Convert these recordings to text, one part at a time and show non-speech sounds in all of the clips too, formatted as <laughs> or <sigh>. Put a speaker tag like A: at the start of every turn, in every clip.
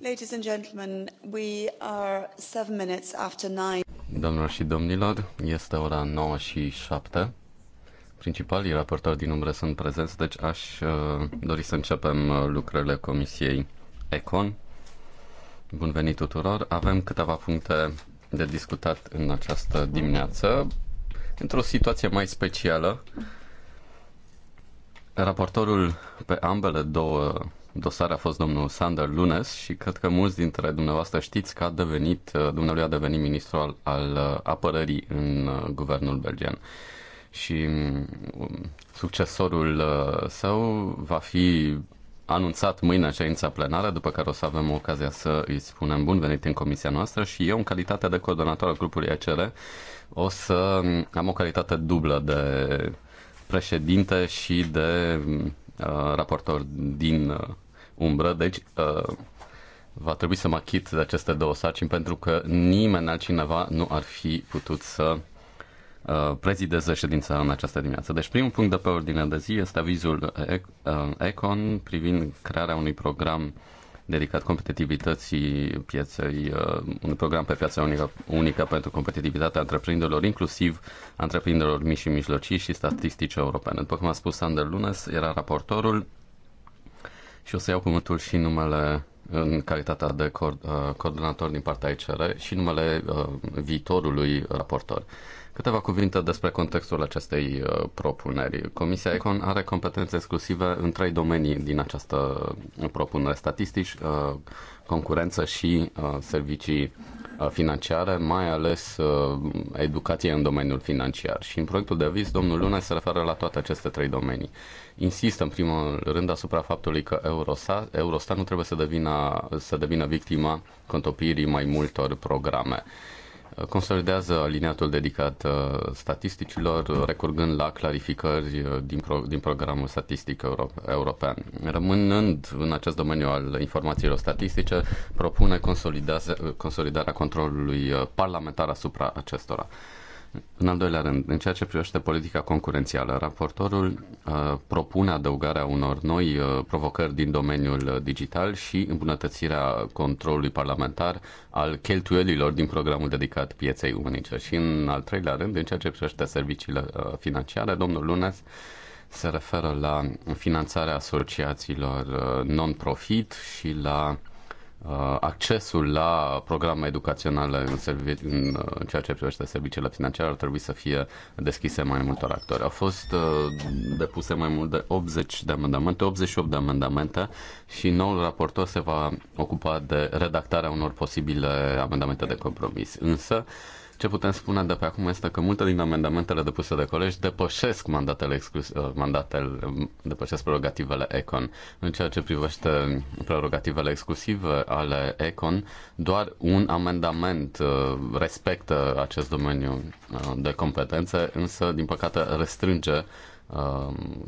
A: Ladies and gentlemen, we are seven minutes after nine.
B: Domnilor și domnilor, este ora 9 și 7. Principalii raportori din umbră sunt prezenți, deci aș uh, dori să începem uh, lucrările Comisiei Econ. Bun venit tuturor! Avem câteva puncte de discutat în această dimineață, într-o situație mai specială. Raportorul pe ambele două dosar a fost domnul Sander Lunes și cred că mulți dintre dumneavoastră știți că a devenit, uh, dumnealui a devenit ministru al, al uh, apărării în uh, guvernul belgian. Și um, succesorul său va fi anunțat mâine în ședința plenară, după care o să avem ocazia să îi spunem bun venit în comisia noastră și eu, în calitate de coordonator al grupului ACR, o să um, am o calitate dublă de președinte și de um, raportor din umbră, deci uh, va trebui să mă achit de aceste două sarcini pentru că nimeni altcineva nu ar fi putut să uh, prezideze ședința în această dimineață. Deci primul punct de pe ordinea de zi este avizul uh, uh, Econ privind crearea unui program dedicat competitivității pieței, un program pe piața unică, unică pentru competitivitatea întreprinderilor, inclusiv întreprinderilor mici și mijlocii și statistici europene. După cum a spus Sander Lunes, era raportorul, și o să iau cuvântul și numele în calitatea de uh, coordonator din partea ICR și numele uh, viitorului raportor. Câteva cuvinte despre contextul acestei uh, propuneri. Comisia Econ are competențe exclusive în trei domenii din această propunere. Statistici, concurență și servicii financiare, mai ales educație în domeniul financiar. Și în proiectul de vis, domnul Luna se referă la toate aceste trei domenii insist în primul rând asupra faptului că Eurostat, Eurostat nu trebuie să devină, să devină victima contopirii mai multor programe. Consolidează aliniatul dedicat uh, statisticilor, recurgând la clarificări uh, din, pro, din programul statistic euro, european. Rămânând în acest domeniu al informațiilor statistice, propune consolidarea controlului uh, parlamentar asupra acestora. În al doilea rând, în ceea ce privește politica concurențială, raportorul uh, propune adăugarea unor noi uh, provocări din domeniul uh, digital și îmbunătățirea controlului parlamentar al cheltuielilor din programul dedicat pieței unice. Și în al treilea rând, în ceea ce privește serviciile uh, financiare, domnul Lunes se referă la finanțarea asociațiilor uh, non-profit și la Uh, accesul la programe educaționale în, servi- în, uh, în ceea ce privește serviciile financiare ar trebui să fie deschise mai multor actori. Au fost uh, depuse mai mult de 80 de amendamente, 88 de amendamente și noul raportor se va ocupa de redactarea unor posibile amendamente de compromis. Însă, ce putem spune de pe acum este că multe din amendamentele depuse de colegi depășesc mandatele, exclus, uh, mandatele uh, depășesc prerogativele Econ. În ceea ce privește prerogativele exclusive ale Econ, doar un amendament uh, respectă acest domeniu de competențe, însă, din păcate, restrânge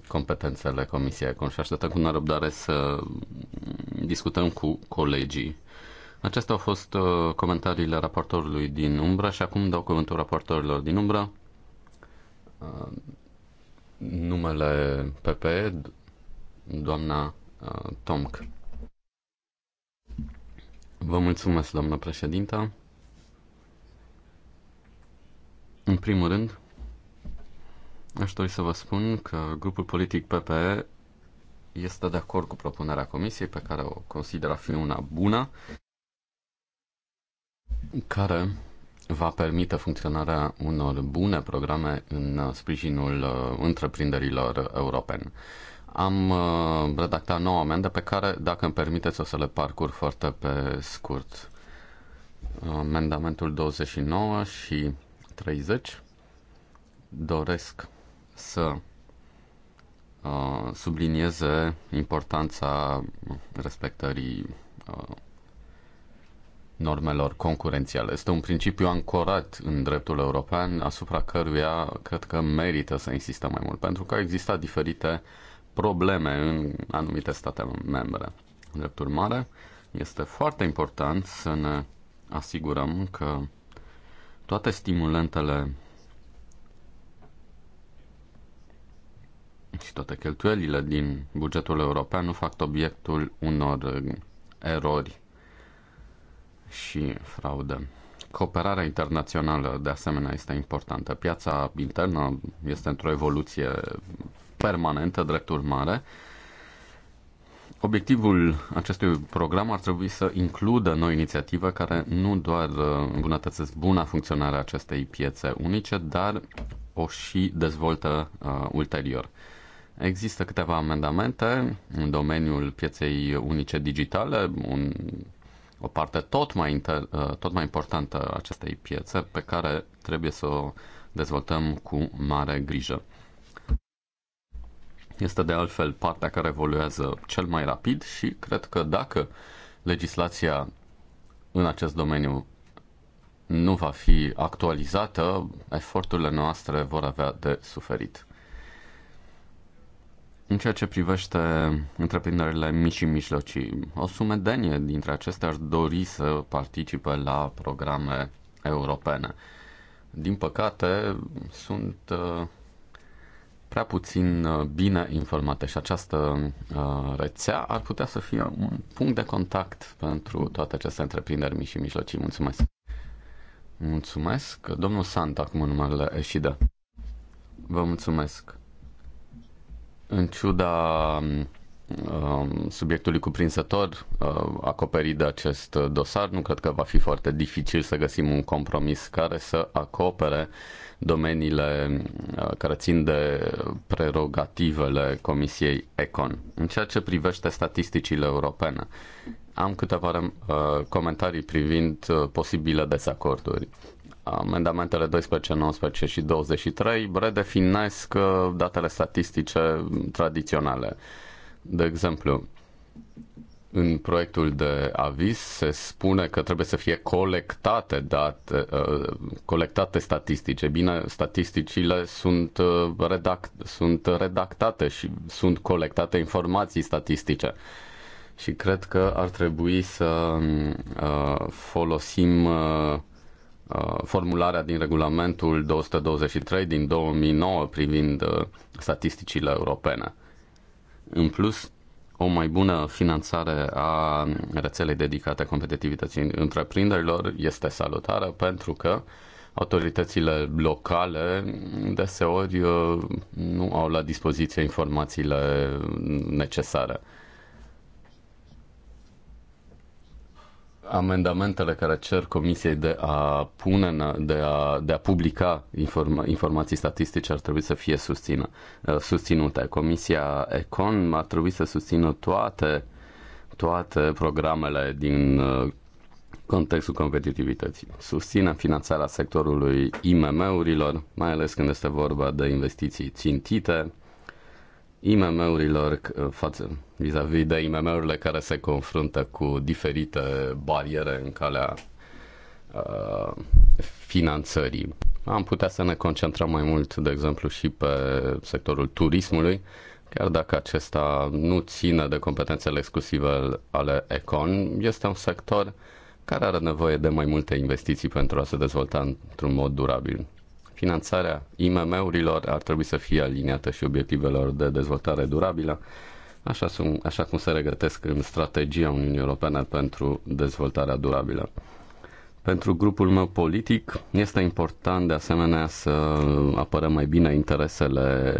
B: competențele Comisiei Econ și așteptăm cu nerăbdare să discutăm cu colegii Acestea au fost uh, comentariile raportorului din umbră și acum dau cuvântul raportorilor din umbră. Uh, numele PP, doamna uh, Tomc. Vă mulțumesc, doamnă președintă. În primul rând, aș dori să vă spun că grupul politic PPE este de acord cu propunerea comisiei pe care o consideră a fi una bună care va permite funcționarea unor bune programe în sprijinul uh, întreprinderilor europene. Am uh, redactat nouă amende pe care, dacă îmi permiteți, o să le parcur foarte pe scurt. Amendamentul 29 și 30 doresc să uh, sublinieze importanța respectării normelor concurențiale. Este un principiu ancorat în dreptul european, asupra căruia cred că merită să insistăm mai mult, pentru că au existat diferite probleme în anumite state membre. Drept urmare, este foarte important să ne asigurăm că toate stimulentele și toate cheltuielile din bugetul european nu fac obiectul unor erori și fraudă. Cooperarea internațională, de asemenea, este importantă. Piața internă este într-o evoluție permanentă, drept urmare. Obiectivul acestui program ar trebui să includă noi inițiative care nu doar uh, îmbunătățesc buna funcționare a acestei piețe unice, dar o și dezvoltă uh, ulterior. Există câteva amendamente în domeniul pieței unice digitale, un o parte tot mai, inter, uh, tot mai importantă a acestei piețe pe care trebuie să o dezvoltăm cu mare grijă. Este de altfel partea care evoluează cel mai rapid și cred că dacă legislația în acest domeniu nu va fi actualizată, eforturile noastre vor avea de suferit. În ceea ce privește întreprinderile mici și mijlocii, o sumedenie dintre acestea ar dori să participe la programe europene. Din păcate, sunt uh, prea puțin uh, bine informate și această uh, rețea ar putea să fie un punct de contact pentru toate aceste întreprinderi mici și mijlocii. Mulțumesc! Mulțumesc! Domnul Sant, acum numărul numele Eșida. Vă mulțumesc! În ciuda um, subiectului cuprinsător uh, acoperit de acest dosar. Nu cred că va fi foarte dificil să găsim un compromis care să acopere domeniile uh, care țin de prerogativele Comisiei Econ. În ceea ce privește statisticile europene, am câteva uh, comentarii privind posibile dezacorduri. Amendamentele 12, 19 și 23 redefinesc uh, datele statistice tradiționale. De exemplu, în proiectul de aviz se spune că trebuie să fie colectate date, uh, colectate statistice. Bine, statisticile sunt, uh, redact, sunt redactate și sunt colectate informații statistice. Și cred că ar trebui să folosim Uh, formularea din regulamentul 223 din 2009 privind uh, statisticile europene. În plus, o mai bună finanțare a rețelei dedicate competitivității întreprinderilor este salutară pentru că autoritățile locale deseori uh, nu au la dispoziție informațiile necesare. amendamentele care cer Comisiei de a pune, de a, de a publica informa, informații statistice ar trebui să fie susțină, uh, susținute. Comisia Econ ar trebui să susțină toate, toate programele din uh, contextul competitivității. Susține finanțarea sectorului IMM-urilor, mai ales când este vorba de investiții țintite, IMM-urilor față, vis-a-vis de IMM-urile care se confruntă cu diferite bariere în calea uh, finanțării. Am putea să ne concentrăm mai mult, de exemplu, și pe sectorul turismului, chiar dacă acesta nu ține de competențele exclusive ale Econ, este un sector care are nevoie de mai multe investiții pentru a se dezvolta într-un mod durabil finanțarea IMM-urilor ar trebui să fie aliniată și obiectivelor de dezvoltare durabilă, așa, sunt, așa cum se regătesc în strategia Uniunii Europene pentru dezvoltarea durabilă. Pentru grupul meu politic este important de asemenea să apărăm mai bine interesele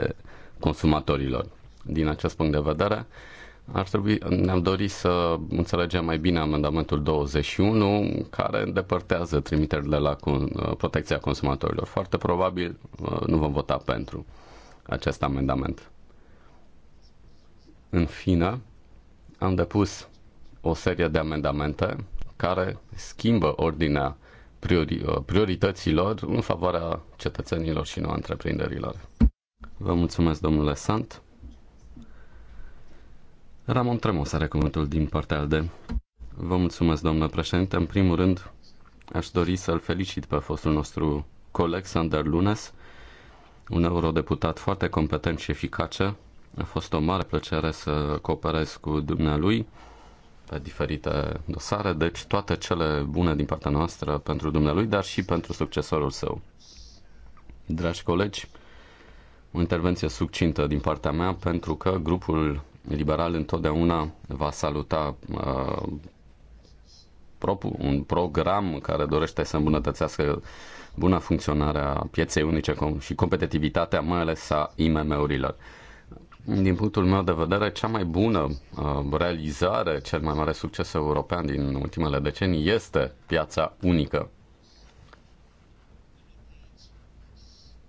B: consumatorilor. Din acest punct de vedere, ar trebui, ne-am dorit să înțelegem mai bine amendamentul 21, care îndepărtează trimiterile la protecția consumatorilor. Foarte probabil uh, nu vom vota pentru acest amendament. În fine, am depus o serie de amendamente care schimbă ordinea priori, uh, priorităților în favoarea cetățenilor și nu a întreprinderilor. Vă mulțumesc, domnule Sant. Ramon Tremos are cuvântul din partea ALDE. Vă mulțumesc, doamnă președinte. În primul rând, aș dori să-l felicit pe fostul nostru coleg, Sander Lunes, un eurodeputat foarte competent și eficace. A fost o mare plăcere să cooperez cu dumnealui pe diferite dosare, deci toate cele bune din partea noastră pentru dumnealui, dar și pentru succesorul său. Dragi colegi, o intervenție succintă din partea mea pentru că grupul liberal întotdeauna va saluta uh, un program care dorește să îmbunătățească buna funcționare pieței unice și competitivitatea, mai ales a IMM-urilor. Din punctul meu de vedere, cea mai bună uh, realizare, cel mai mare succes european din ultimele decenii este piața unică.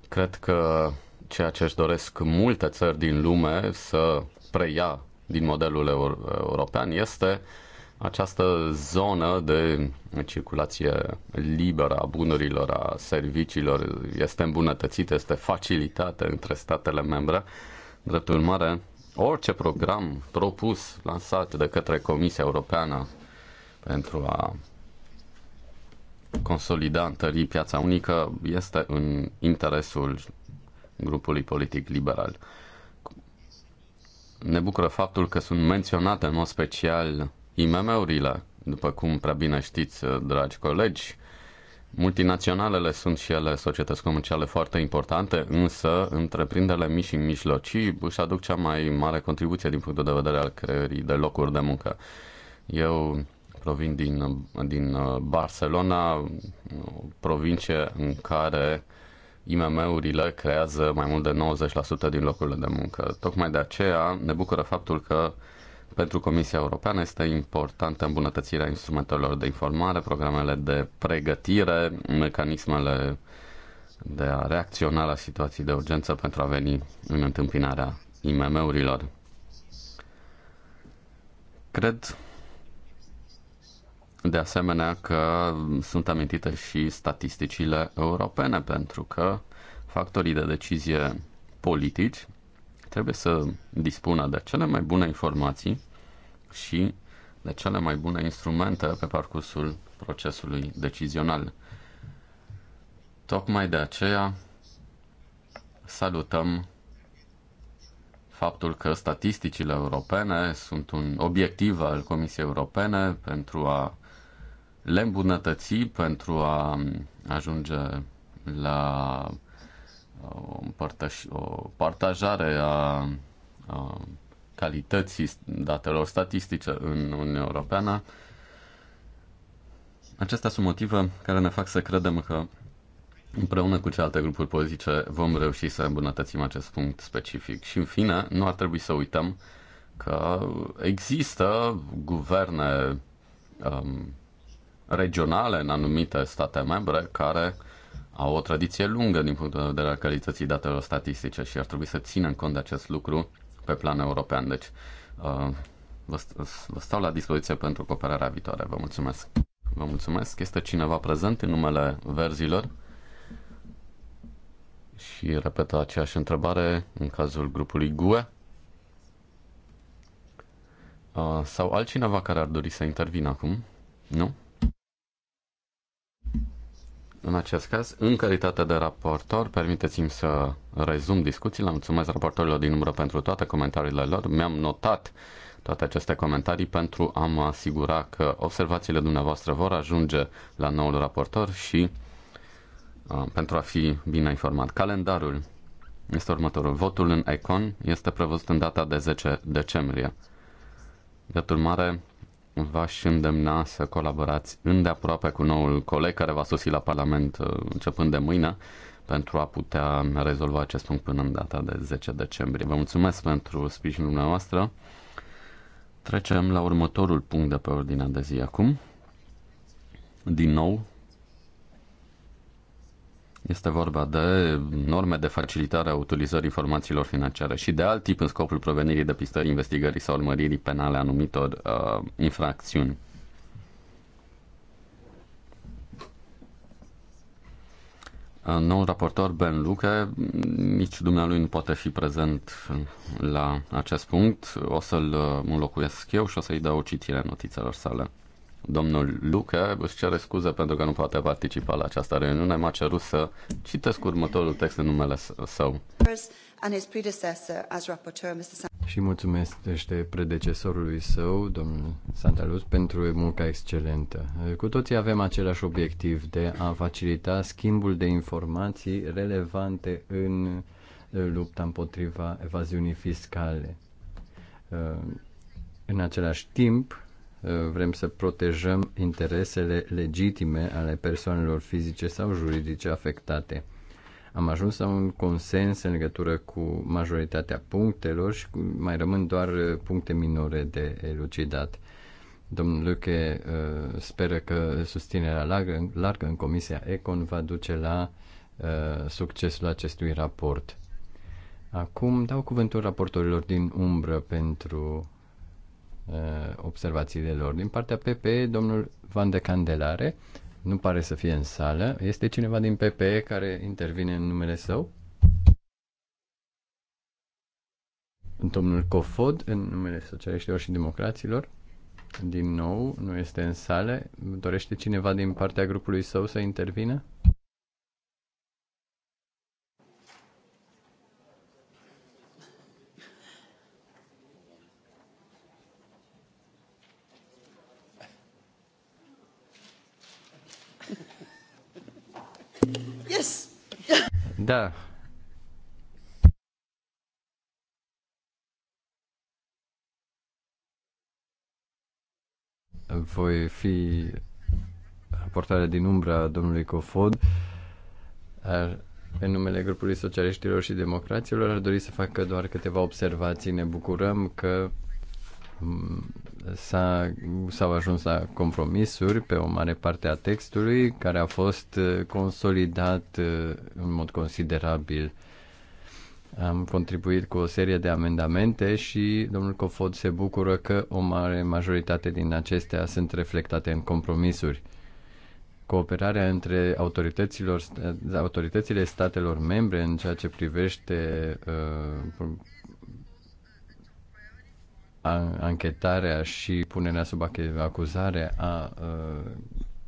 B: Cred că ceea ce își doresc multe țări din lume să preia din modelul european este această zonă de circulație liberă a bunurilor, a serviciilor este îmbunătățită, este facilitată între statele membre. Drept urmare, orice program propus, lansat de către Comisia Europeană pentru a consolida, întări piața unică este în interesul grupului politic liberal ne bucură faptul că sunt menționate în mod special IMM-urile, după cum prea bine știți, uh, dragi colegi. Multinaționalele sunt și ele societăți comerciale foarte importante, însă întreprinderile mici și mijlocii își aduc cea mai mare contribuție din punctul de vedere al creării de locuri de muncă. Eu provin din, din uh, Barcelona, o provincie în care uh, IMM-urile creează mai mult de 90% din locurile de muncă. Tocmai de aceea ne bucură faptul că pentru Comisia Europeană este importantă îmbunătățirea instrumentelor de informare, programele de pregătire, mecanismele de a reacționa la situații de urgență pentru a veni în întâmpinarea IMM-urilor. Cred de asemenea că sunt amintite și statisticile europene, pentru că factorii de decizie politici trebuie să dispună de cele mai bune informații și de cele mai bune instrumente pe parcursul procesului decizional. Tocmai de aceea salutăm faptul că statisticile europene sunt un obiectiv al Comisiei Europene pentru a le îmbunătăți pentru a ajunge la o, împărtăș- o partajare a, a calității datelor statistice în Uniunea Europeană. Acestea sunt motive care ne fac să credem că împreună cu celelalte grupuri politice vom reuși să îmbunătățim acest punct specific. Și în fine, nu ar trebui să uităm că există guverne um, regionale în anumite state membre care au o tradiție lungă din punctul de vedere al calității datelor statistice și ar trebui să ținem cont de acest lucru pe plan european. Deci, uh, vă stau la dispoziție pentru cooperarea viitoare. Vă mulțumesc! Vă mulțumesc! Este cineva prezent în numele verzilor? Și repetă aceeași întrebare în cazul grupului GUE. Uh, sau altcineva care ar dori să intervină acum? Nu? În acest caz, în calitate de raportor, permiteți-mi să rezum discuțiile. Mulțumesc raportorilor din umbră pentru toate comentariile lor. Mi-am notat toate aceste comentarii pentru a mă asigura că observațiile dumneavoastră vor ajunge la noul raportor și uh, pentru a fi bine informat. Calendarul este următorul. Votul în ECON este prevăzut în data de 10 decembrie. De urmare, v-aș îndemna să colaborați îndeaproape cu noul coleg care va sosi la Parlament uh, începând de mâine pentru a putea rezolva acest punct până în data de 10 decembrie. Vă mulțumesc pentru sprijinul dumneavoastră. Trecem la următorul punct de pe ordinea de zi acum. Din nou, este vorba de norme de facilitare a utilizării informațiilor financiare și de alt tip în scopul provenirii de pistări, investigării sau urmăririi penale anumitor uh, infracțiuni. Uh, noul raportor Ben Luca, nici dumnealui nu poate fi prezent la acest punct. O să-l uh, înlocuiesc eu și o să-i dau o citire notițelor sale. Domnul Luca își cere scuze pentru că nu poate participa la această reuniune. M-a cerut să citesc următorul text în numele său.
C: Și mulțumesc de predecesorului său, domnul Santaluz, pentru munca excelentă. Cu toții avem același obiectiv de a facilita schimbul de informații relevante în uh, lupta împotriva evaziunii fiscale. Uh, în același timp, Uh, vrem să protejăm interesele legitime ale persoanelor fizice sau juridice afectate. Am ajuns la un consens în legătură cu majoritatea punctelor și mai rămân doar uh, puncte minore de elucidat. Domnul Luche uh, speră că susținerea largă, largă în Comisia Econ va duce la succesul acestui raport. Acum dau cuvântul raportorilor din umbră pentru Uh, observațiile lor. Din partea PPE, domnul Van de Candelare nu pare să fie în sală. Este cineva din PPE care intervine în numele său? Domnul Cofod, în numele Socialiștilor și Democraților, din nou nu este în sală. Dorește cineva din partea grupului său să intervină? yes! Da. Voi fi raportarea din umbra domnului Cofod. Ar, în numele grupului socialiștilor și democraților, ar dori să facă doar câteva observații. Ne bucurăm că s-a, s-au ajuns la compromisuri pe o mare parte a textului care a fost uh, consolidat uh, în mod considerabil. Am contribuit cu o serie de amendamente și domnul Cofod se bucură că o mare majoritate din acestea sunt reflectate în compromisuri. Cooperarea între autorităților, autoritățile statelor membre în ceea ce privește uh, anchetarea și punerea sub acuzare a uh,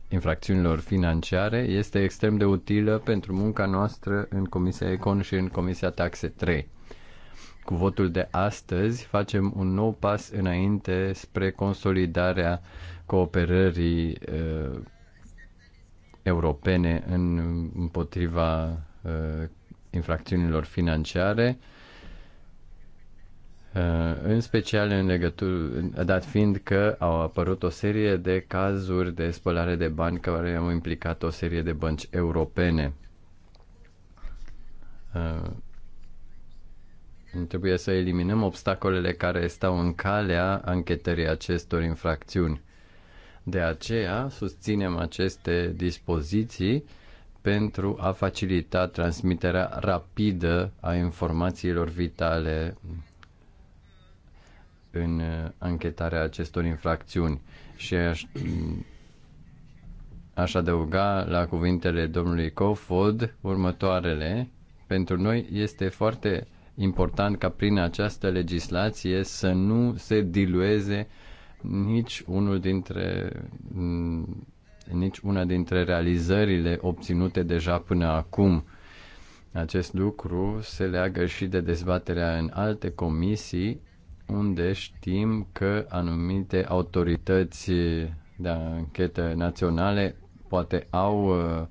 C: infracțiunilor financiare este extrem de utilă pentru munca noastră în Comisia Econ și în Comisia Taxe 3. Cu votul de astăzi facem un nou pas înainte spre consolidarea cooperării uh, europene în, împotriva uh, infracțiunilor financiare Uh, în special în legătură, dat fiind că au apărut o serie de cazuri de spălare de bani care au implicat o serie de bănci europene. Uh, trebuie să eliminăm obstacolele care stau în calea anchetării acestor infracțiuni. De aceea susținem aceste dispoziții pentru a facilita transmiterea rapidă a informațiilor vitale în uh, anchetarea acestor infracțiuni. Și aș, aș adăuga la cuvintele domnului Cofod următoarele. Pentru noi este foarte important ca prin această legislație să nu se dilueze nici unul dintre mm, nici una dintre realizările obținute deja până acum. Acest lucru se leagă și de dezbaterea în alte comisii unde știm că anumite autorități de anchetă naționale poate au uh,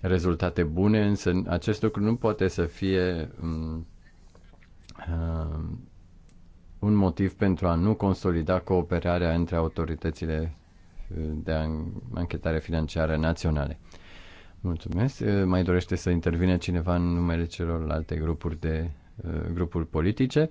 C: rezultate bune, însă acest lucru nu poate să fie um, uh, un motiv pentru a nu consolida cooperarea între autoritățile uh, de anchetare financiară naționale. Mulțumesc. Mai dorește să intervine cineva în numele celorlalte grupuri de grupuri politice?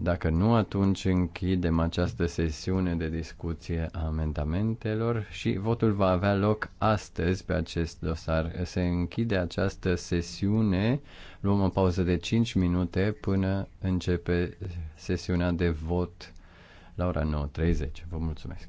C: Dacă nu, atunci închidem această sesiune de discuție a amendamentelor și votul va avea loc astăzi pe acest dosar. Se închide această sesiune, luăm o pauză de 5 minute până începe sesiunea de vot la ora 9.30. Vă mulțumesc!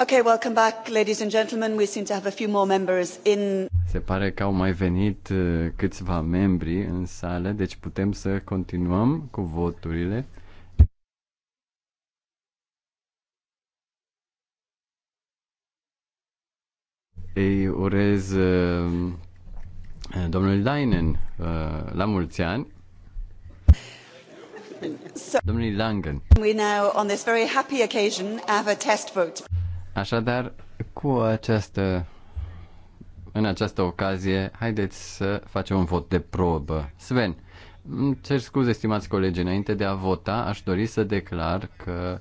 A: Okay, welcome back, ladies and gentlemen. We seem to have a few more members in.
C: Se pare că au mai venit uh, câțiva membri în sală, deci putem să continuăm cu voturile. Ei urez uh, domnul Leinen uh, la mulți ani. Domnului Langen.
A: We now, on this very happy occasion, have a test vote.
C: Așadar, cu această, în această ocazie, haideți să facem un vot de probă. Sven, îmi cer scuze, stimați colegi, înainte de a vota, aș dori să declar că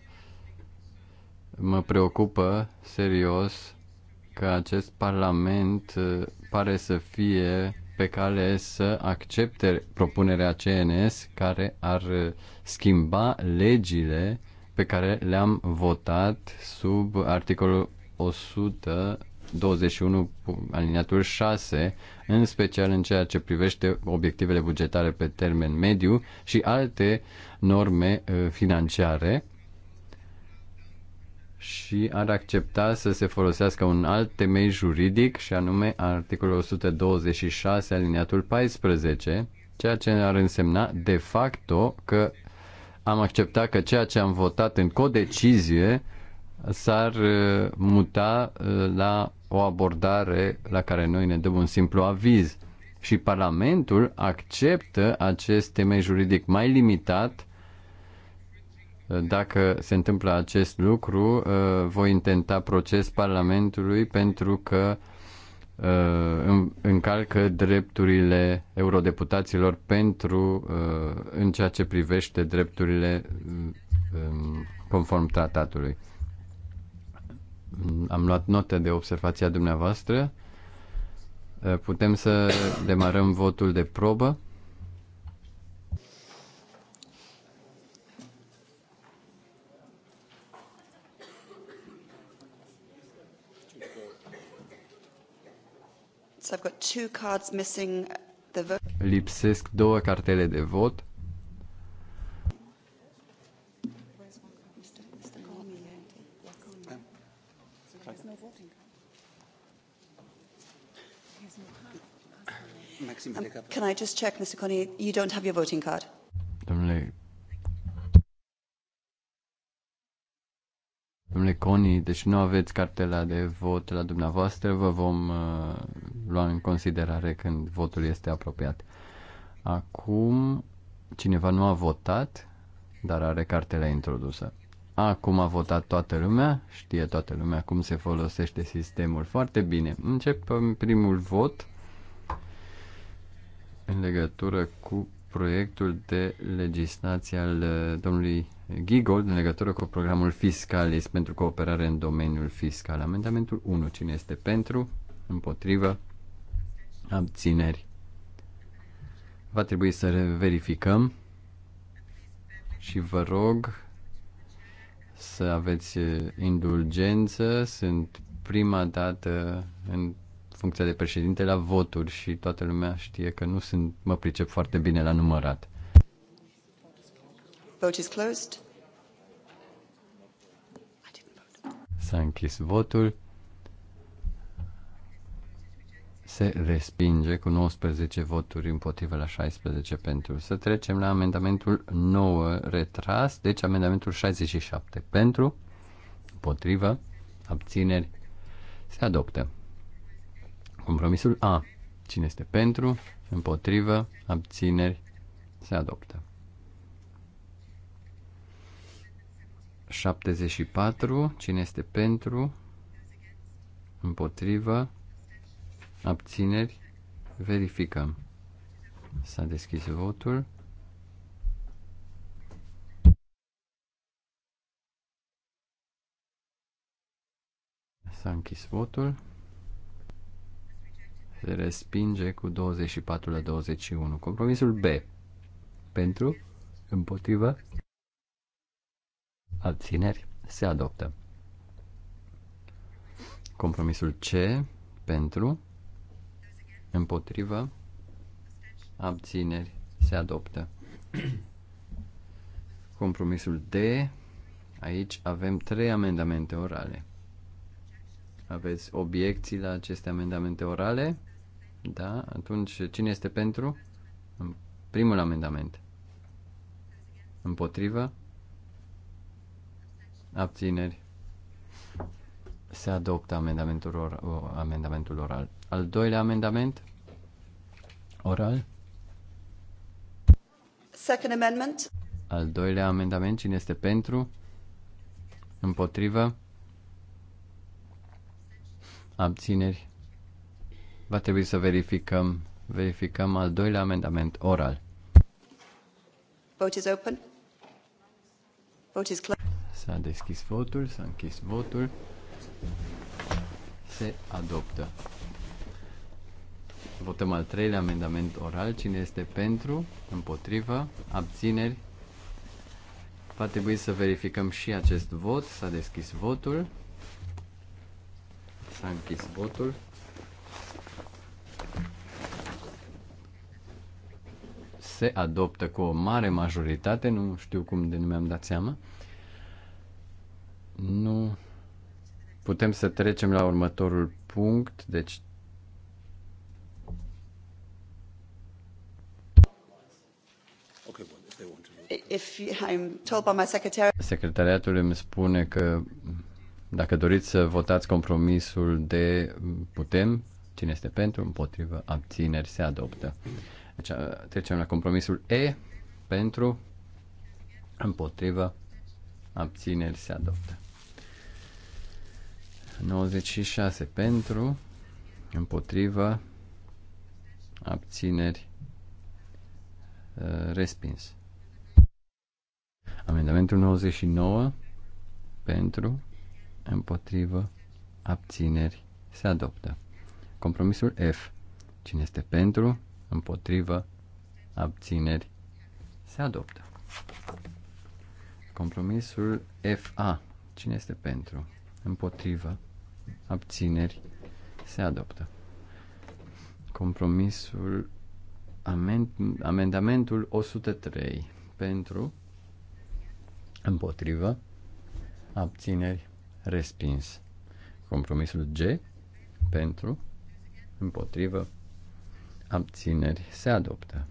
C: mă preocupă serios că acest parlament uh, pare să fie pe cale să accepte propunerea CNS care ar uh, schimba legile pe care le-am votat sub articolul 121 aliniatul 6, în special în ceea ce privește obiectivele bugetare pe termen mediu și alte norme uh, financiare și ar accepta să se folosească un alt temei juridic și anume articolul 126 aliniatul 14, ceea ce ar însemna de facto că am acceptat că ceea ce am votat în codecizie s-ar uh, muta uh, la o abordare la care noi ne dăm un simplu aviz. Și Parlamentul acceptă acest temei juridic mai limitat. Uh, dacă se întâmplă acest lucru, voi intenta proces Parlamentului pentru că Uh, încalcă drepturile eurodeputaților pentru uh, în ceea ce privește drepturile uh, um, conform tratatului. Am luat note de observația dumneavoastră. Putem să demarăm votul de probă. Lipsesc două cartele de vot.
A: Can I just check, Mr. Coney, you don't have your voting card?
C: Domnule Domnule Coni, deci nu aveți cartela de vot la dumneavoastră, vă vom uh, lua în considerare când votul este apropiat. Acum, cineva nu a votat, dar are cartela introdusă. Acum a votat toată lumea, știe toată lumea cum se folosește sistemul foarte bine. Începem primul vot în legătură cu proiectul de legislație al uh, domnului Gigold în legătură cu programul Fiscalis pentru cooperare în domeniul fiscal. Amendamentul 1. Cine este pentru? Împotrivă? Abțineri. Va trebui să verificăm și vă rog să aveți eh, indulgență. Sunt prima dată în funcția de președinte la voturi și toată lumea știe că nu sunt, mă pricep foarte bine la numărat.
A: Vote is closed.
C: S-a închis votul. Se respinge cu 19 voturi împotriva la 16 pentru. Să trecem la amendamentul 9 retras, deci amendamentul 67 pentru, împotrivă, abțineri, se adoptă. Compromisul A. Cine este pentru, împotrivă, abțineri, se adoptă. 74. Cine este pentru? Împotrivă? Abțineri? Verificăm. S-a deschis votul. S-a închis votul. Se respinge cu 24 la 21. Compromisul B. Pentru? Împotrivă? Abțineri. Se adoptă. Compromisul C pentru împotrivă abțineri se adoptă. Compromisul D aici avem trei amendamente orale. Aveți obiecții la aceste amendamente orale? Da? Atunci cine este pentru? Primul amendament. Împotrivă? abțineri, se adoptă amendamentul, or, amendamentul oral. Al doilea amendament oral.
A: Second amendment.
C: Al doilea amendament, cine este pentru? Împotrivă? Abțineri? Va trebui să verificăm. Verificăm al doilea amendament oral.
A: Vote is open. Vote is closed.
C: S-a deschis votul, s-a închis votul. Se adoptă. Votăm al treilea amendament oral. Cine este pentru? Împotrivă? Abțineri? Va trebui să verificăm și acest vot. S-a deschis votul. S-a închis votul. Se adoptă cu o mare majoritate, nu știu cum de nu mi-am dat seama. Nu putem să trecem la următorul punct, deci
A: If I'm told by my secretary...
C: Secretariatul îmi spune că dacă doriți să votați compromisul de putem, cine este pentru, împotrivă, abțineri, se adoptă. Deci trecem la compromisul E, pentru, împotrivă, abțineri, se adoptă. 96 pentru, împotrivă, abțineri, uh, respins. Amendamentul 99 pentru, împotrivă, abțineri, se adoptă. Compromisul F. Cine este pentru, împotrivă, abțineri, se adoptă. Compromisul FA. Cine este pentru, împotrivă, abțineri, se adoptă. Compromisul, amend, amendamentul 103 pentru, împotrivă, abțineri, respins. Compromisul G pentru, împotrivă, abțineri, se adoptă.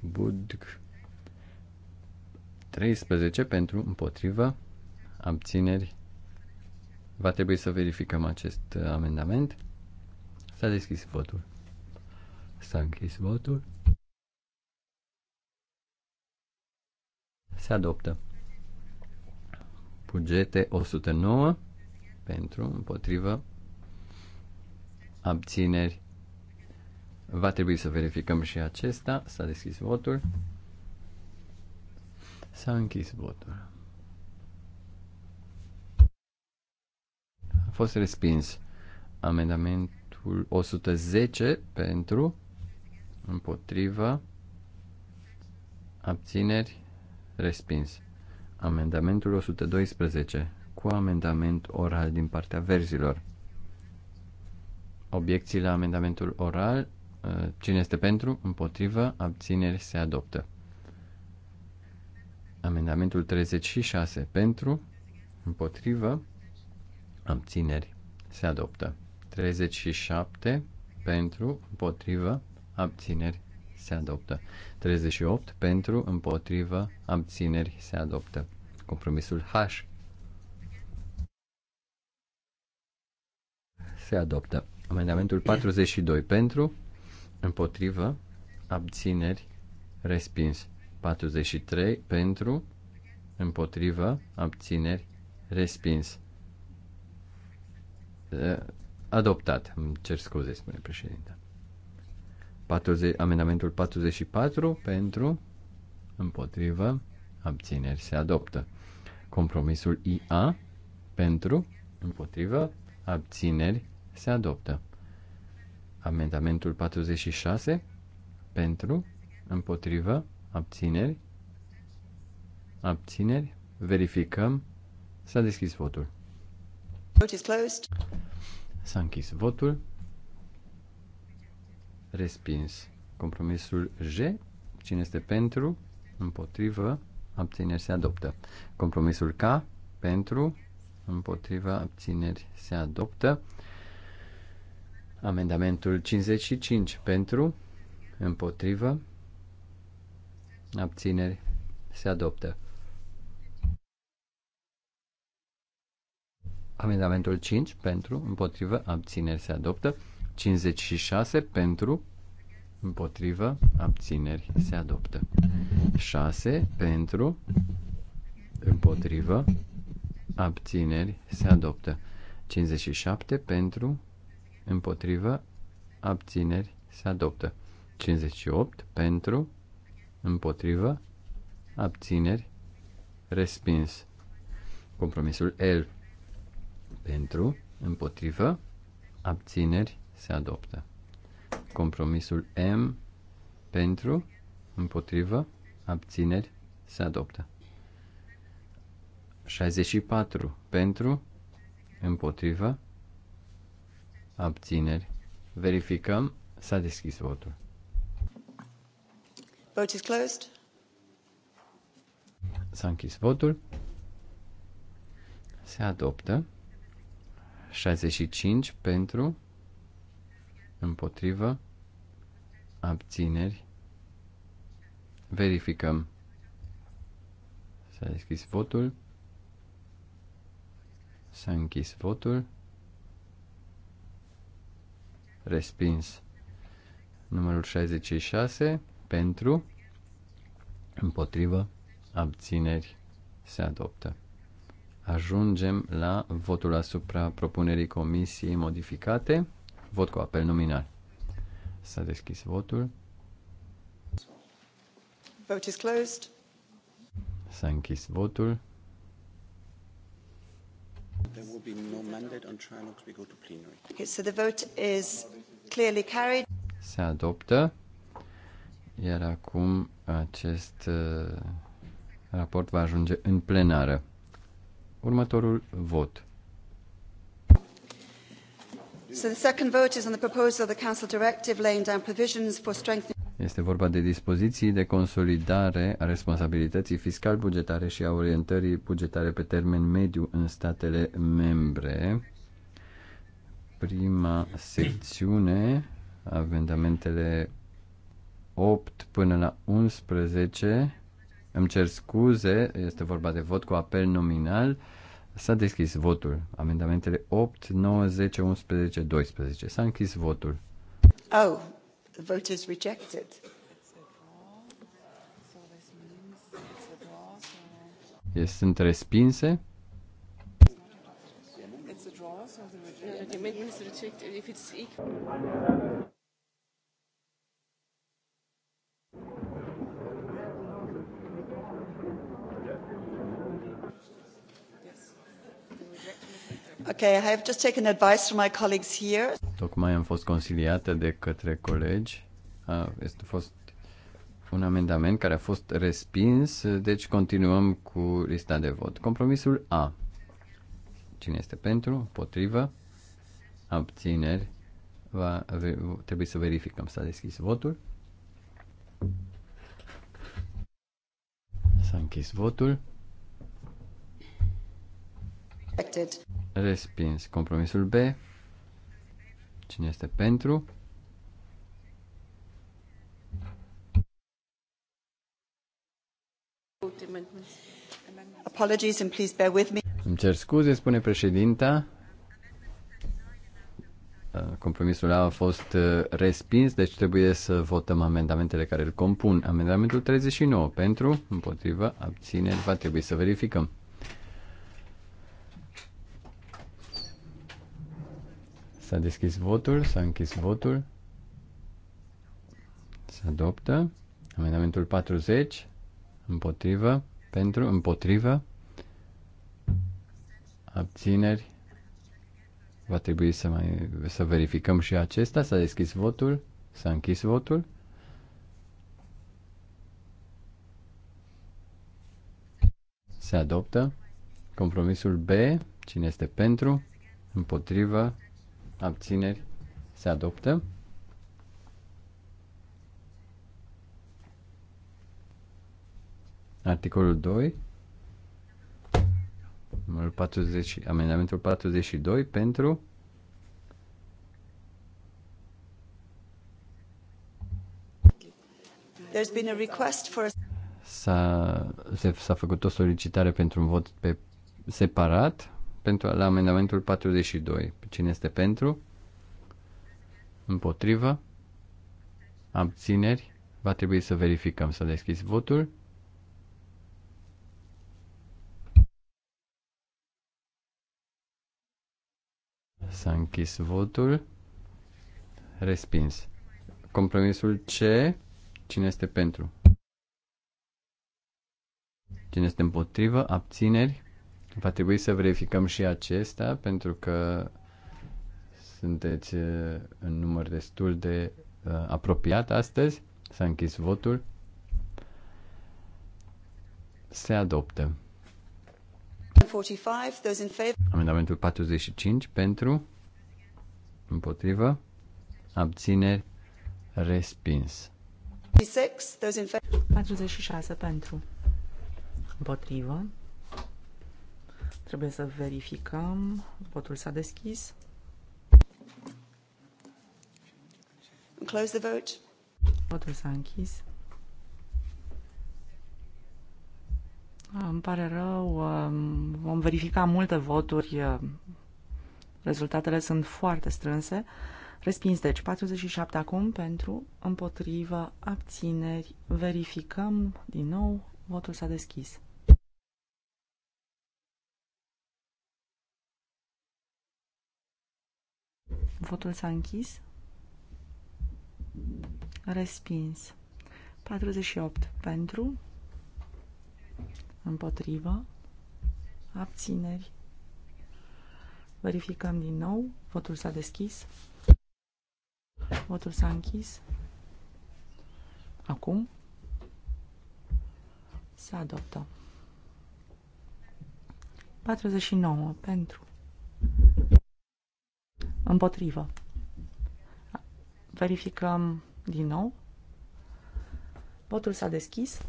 C: Budg 13 pentru împotrivă, abțineri, Va trebui să verificăm acest uh, amendament. S-a deschis votul. S-a închis votul. Se adoptă. Bugete 109 pentru, împotrivă, abțineri. Va trebui să verificăm și acesta. S-a deschis votul. S-a închis votul. fost respins. Amendamentul 110 pentru, împotrivă, abțineri, respins. Amendamentul 112 cu amendament oral din partea verzilor. Obiecții la amendamentul oral, uh, cine este pentru, împotrivă, abțineri, se adoptă. Amendamentul 36 pentru, împotrivă, abțineri, se adoptă. 37 pentru, împotrivă, abțineri, se adoptă. 38 pentru, împotrivă, abțineri, se adoptă. Compromisul H se adoptă. Amendamentul 42 pentru, împotrivă, abțineri, respins. 43 pentru, împotrivă, abțineri, respins. Eh, adoptat. Îmi cer scuze, spune președinte. 40, amendamentul 44 pentru, împotrivă, abțineri se adoptă. Compromisul IA pentru, împotrivă, abțineri se adoptă. Amendamentul 46 pentru, împotrivă, abțineri, abțineri, verificăm, s-a deschis votul. S-a închis votul. Respins. Compromisul J. Cine este pentru? Împotrivă. Abțineri se adoptă. Compromisul K. Pentru. Împotrivă. Abțineri se adoptă. Amendamentul 55. Pentru. Împotrivă. Abțineri se adoptă. Amendamentul 5 pentru, împotrivă, abțineri se adoptă. 56 pentru, împotrivă, abțineri se adoptă. 6 pentru, împotrivă, abțineri se adoptă. 57 pentru, împotrivă, abțineri se adoptă. 58 pentru, împotrivă, abțineri, respins. Compromisul L pentru, împotrivă, abțineri, se adoptă. Compromisul M pentru, împotrivă, abțineri, se adoptă. 64 pentru, împotrivă, abțineri. Verificăm, s-a deschis votul.
A: Vote is closed.
C: S-a închis votul. Se adoptă. 65 pentru, împotrivă, abțineri. Verificăm. S-a deschis votul. S-a închis votul. Respins. Numărul 66 pentru, împotrivă, abțineri. Se adoptă ajungem la votul asupra propunerii comisiei modificate. Vot cu apel nominal. S-a deschis votul.
A: Vote is closed.
C: S-a închis votul.
A: There will be no mandate on trilogues. We go to plenary. Okay, so the vote is clearly carried.
C: Se adoptă. Iar acum acest uh, raport va ajunge în plenară următorul vot. este vorba de dispoziții de consolidare a responsabilității fiscal-bugetare și a orientării bugetare pe termen mediu în statele membre. Prima secțiune, amendamentele 8 până la 11, îmi cer scuze, este vorba de vot cu apel nominal. S-a deschis votul. Amendamentele 8, 9, 10, 11, 12. S-a închis votul.
A: Oh, the vote is rejected.
C: Sunt respinse.
D: It's a draw, so the
A: Okay, I have just taken advice from my colleagues here. Tocmai
C: am fost consiliată de către colegi. A, este fost un amendament care a fost respins, deci continuăm cu lista de vot. Compromisul A. Cine este pentru? Potrivă? Abțineri? Va, trebuie să verificăm. S-a deschis votul. S-a închis votul. Respins. Compromisul B. Cine este pentru?
A: Apologies and please bear with me.
C: Îmi cer scuze, spune președinta. Uh, compromisul A a fost uh, respins, deci trebuie să votăm amendamentele care îl compun. Amendamentul 39 pentru, împotrivă, abțineri, va trebui să verificăm. S-a deschis votul, s-a închis votul. Se adoptă. Amendamentul 40. Împotrivă. Pentru. Împotrivă. Abțineri. Va trebui să, mai, să verificăm și acesta. S-a deschis votul. S-a închis votul. Se adoptă. Compromisul B. Cine este pentru? Împotrivă abțineri, se adoptă. Articolul 2, numărul 40, amendamentul 42 pentru
A: There's been a request for
C: S-a, s-a făcut o solicitare pentru un vot pe separat pentru la amendamentul 42. Cine este pentru? Împotrivă? Abțineri? Va trebui să verificăm să deschizi votul. S-a închis votul. Respins. Compromisul C. Cine este pentru? Cine este împotrivă? Abțineri? Va trebui să verificăm și acesta pentru că sunteți uh, în număr destul de uh, apropiat astăzi. S-a închis votul. Se adoptă.
A: 45, those in favor.
C: Amendamentul 45 pentru, împotrivă, abțineri, respins.
D: 46 pentru, împotrivă, Trebuie să verificăm. Votul s-a deschis. Close the vote. Votul s-a închis. Ah, îmi pare rău, um, vom verifica multe voturi, uh, rezultatele sunt foarte strânse. Respins, deci 47 acum pentru, împotrivă, abțineri, verificăm din nou, votul s-a deschis. Votul s-a închis. Respins. 48 pentru. Împotrivă. Abțineri. Verificăm din nou. Votul s-a deschis. Votul s-a închis. Acum se adoptă. 49 pentru Împotrivă. Verificăm din nou. Votul s-a deschis.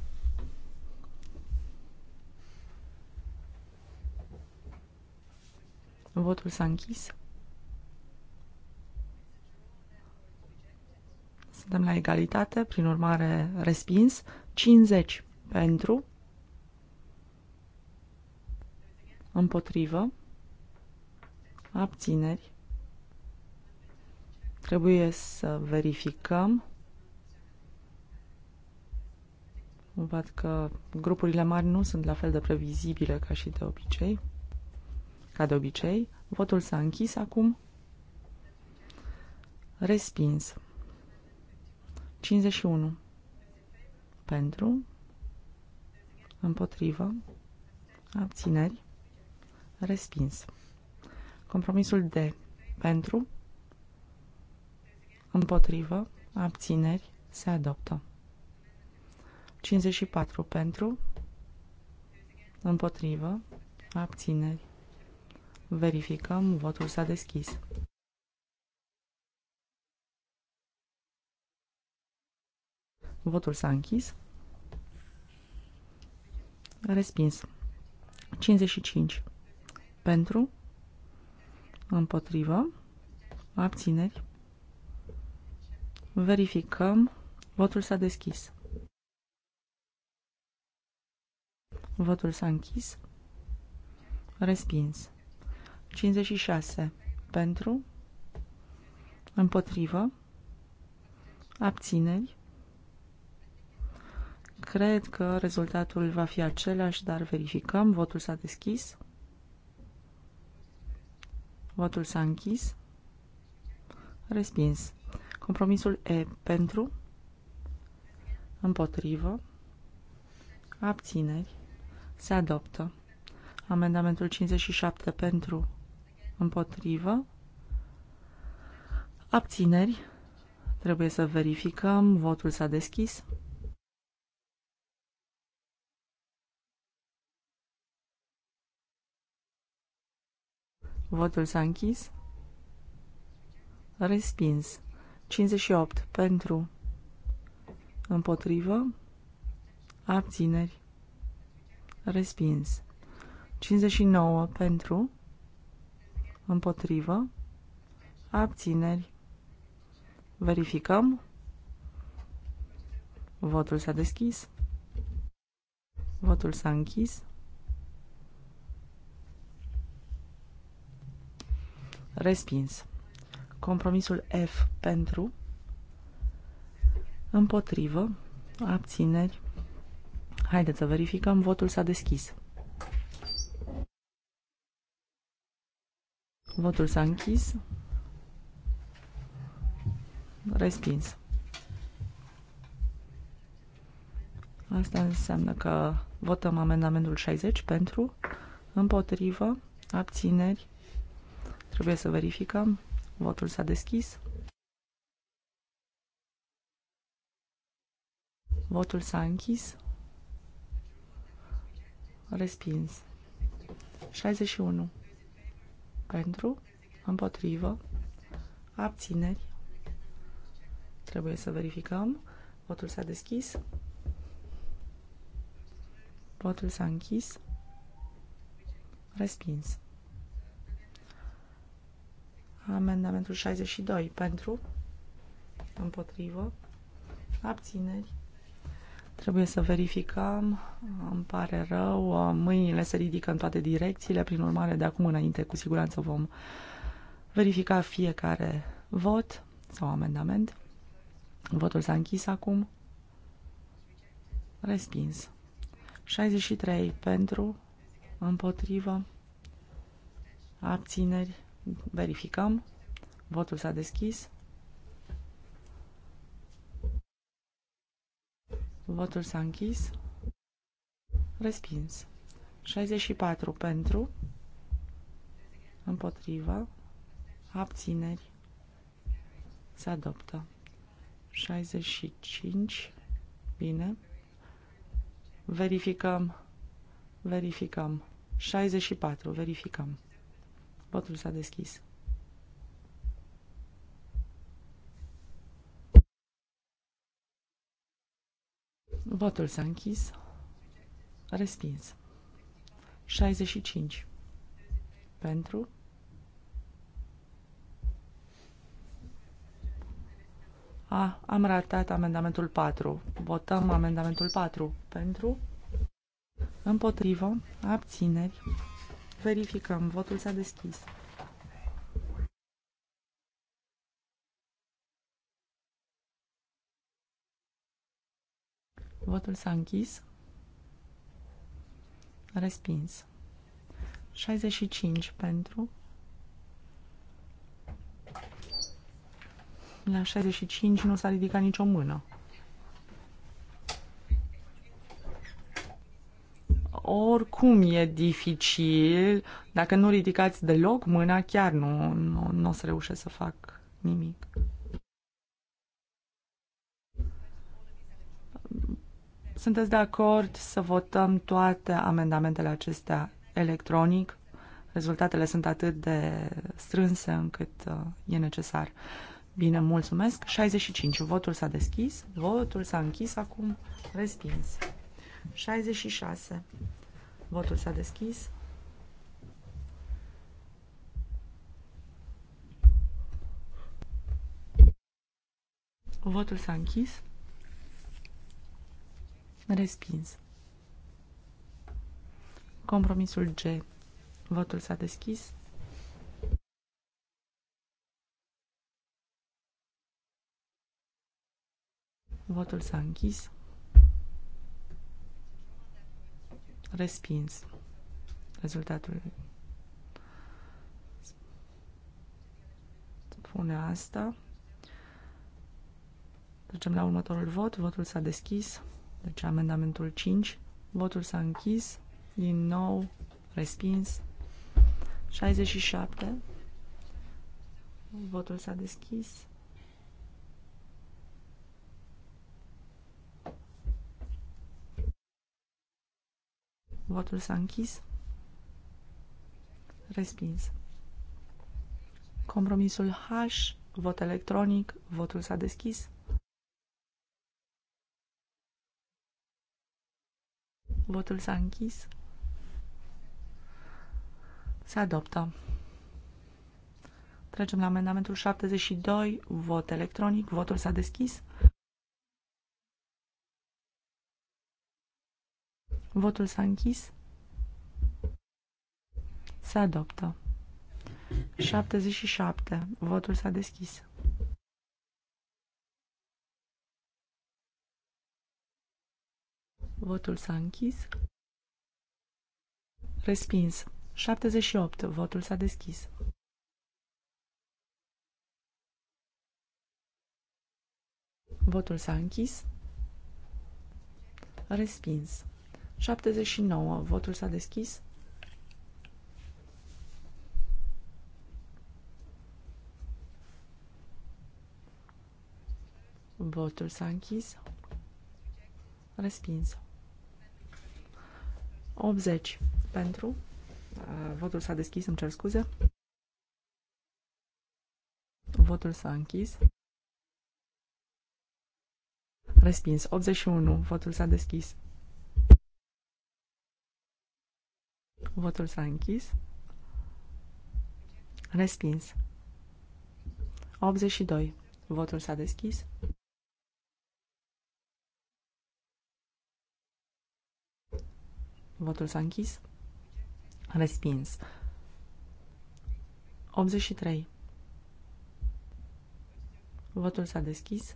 D: Votul s-a închis. Suntem la egalitate, prin urmare respins. 50 pentru, împotrivă, abțineri, Trebuie să verificăm. Văd că grupurile mari nu sunt la fel de previzibile ca și de obicei. Ca de obicei, votul s-a închis acum. Respins. 51. Pentru. Împotrivă. Abțineri. Respins. Compromisul D. Pentru. Împotrivă. Abțineri. Se adoptă. 54 pentru. Împotrivă. Abțineri. Verificăm. Votul s-a deschis. Votul s-a închis. Respins. 55. Pentru. Împotrivă. Abțineri. Verificăm. Votul s-a deschis. Votul s-a închis. Respins. 56. Pentru. Împotrivă. Abțineri. Cred că rezultatul va fi același, dar verificăm. Votul s-a deschis. Votul s-a închis. Respins. Compromisul E pentru, împotrivă, abțineri, se adoptă. Amendamentul 57 pentru, împotrivă, abțineri, trebuie să verificăm, votul s-a deschis. Votul s-a închis. Respins. 58. Pentru. Împotrivă. Abțineri. Respins. 59. Pentru. Împotrivă. Abțineri. Verificăm. Votul s-a deschis. Votul s-a închis. Respins. Compromisul F pentru, împotrivă, abțineri. Haideți să verificăm, votul s-a deschis. Votul s-a închis. Respins. Asta înseamnă că votăm amendamentul 60 pentru, împotrivă, abțineri. Trebuie să verificăm. Votul s-a deschis. Votul s-a închis. Respins. 61. Pentru, împotrivă, abțineri. Trebuie să verificăm. Votul s-a deschis. Votul s-a închis. Respins. Amendamentul 62 pentru, împotrivă, abțineri. Trebuie să verificăm, îmi pare rău, mâinile se ridică în toate direcțiile, prin urmare de acum înainte cu siguranță vom verifica fiecare vot sau amendament. Votul s-a închis acum. Respins. 63 pentru, împotrivă, abțineri. Verificăm. Votul s-a deschis. Votul s-a închis. Respins. 64 pentru. Împotrivă. Abțineri. Se adoptă. 65. Bine. Verificăm. Verificăm. 64. Verificăm. Votul s-a deschis. Votul s-a închis. Respins. 65. Pentru. A, am ratat amendamentul 4. Votăm amendamentul 4. Pentru. Împotrivă. Abțineri. Verificăm. Votul s-a deschis. Votul s-a închis. Respins. 65 pentru. La 65 nu s-a ridicat nicio mână. oricum e dificil. Dacă nu ridicați deloc mâna, chiar nu, nu, nu o să reușesc să fac nimic. Sunteți de acord să votăm toate amendamentele acestea electronic? Rezultatele sunt atât de strânse încât uh, e necesar. Bine, mulțumesc. 65. Votul s-a deschis. Votul s-a închis acum. Respins. 66. Votul s-a deschis. Votul s-a închis. Respins. Compromisul G. Votul s-a deschis. Votul s-a închis. Respins. Rezultatul spune asta. Trecem la următorul vot. Votul s-a deschis. Deci amendamentul 5. Votul s-a închis. Din nou respins. 67. Votul s-a deschis. Votul s-a închis. Respins. Compromisul H, vot electronic, votul s-a deschis. Votul s-a închis. Se adoptă. Trecem la amendamentul 72, vot electronic, votul s-a deschis. Votul s-a închis. Se adoptă. 77. Votul s-a deschis. Votul s-a închis. Respins. 78. Votul s-a deschis. Votul s-a închis. Respins. 79. Votul s-a deschis. Votul s-a închis. Respins. 80 pentru. Votul s-a deschis, îmi cer scuze. Votul s-a închis. Respins. 81. Votul s-a deschis. Votul s-a închis. Respins. 82. Votul s-a deschis. Votul s-a închis. Respins. 83. Votul s-a deschis.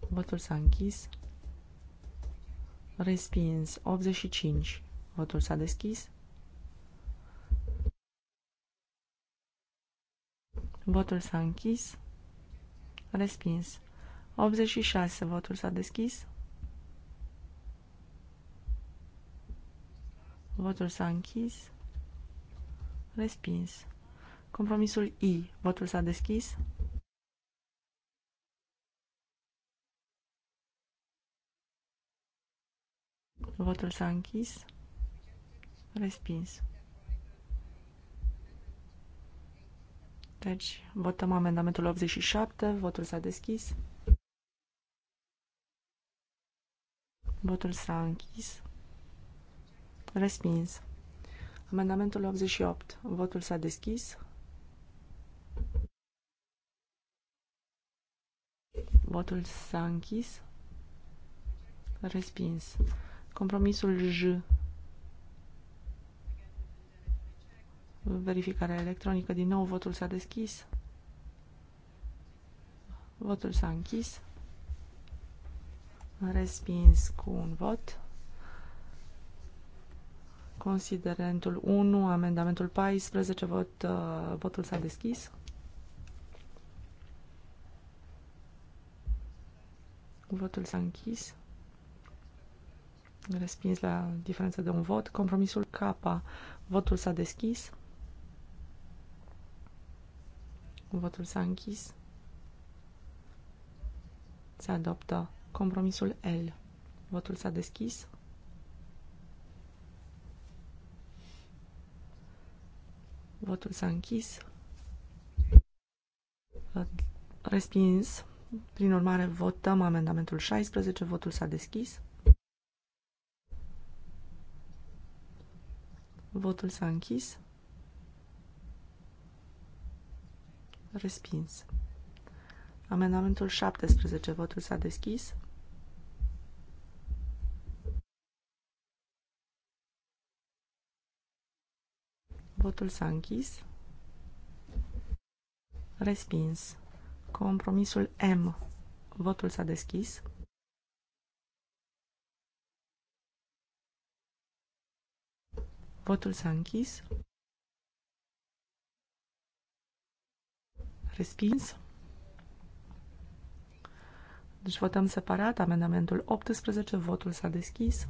D: Votul s-a închis. Respins. 85. Votul s-a deschis. Votul s-a închis. Respins. 86. Votul s-a deschis. Votul s-a închis. Respins. Compromisul I. Votul s-a deschis. Votul s-a închis. Respins. Deci, votăm amendamentul 87. Votul s-a deschis. Votul s-a închis. Respins. Amendamentul 88. Votul s-a deschis. Votul s-a închis. Respins. Compromisul J. Verificarea electronică. Din nou votul s-a deschis. Votul s-a închis. Respins cu un vot. Considerentul 1, amendamentul 14, vot, uh, votul s-a deschis. Votul s-a închis. Respins la diferență de un vot. Compromisul K. Votul s-a deschis. Votul s-a închis. Se adoptă compromisul L. Votul s-a deschis. Votul s-a închis. Respins. Prin urmare, votăm amendamentul 16. Votul s-a deschis. Votul s-a închis. Respins. Amendamentul 17. Votul s-a deschis. Votul s-a închis. Respins. Compromisul M. Votul s-a deschis. Votul s-a închis. Respins. Deci votăm separat amendamentul 18, votul s-a deschis.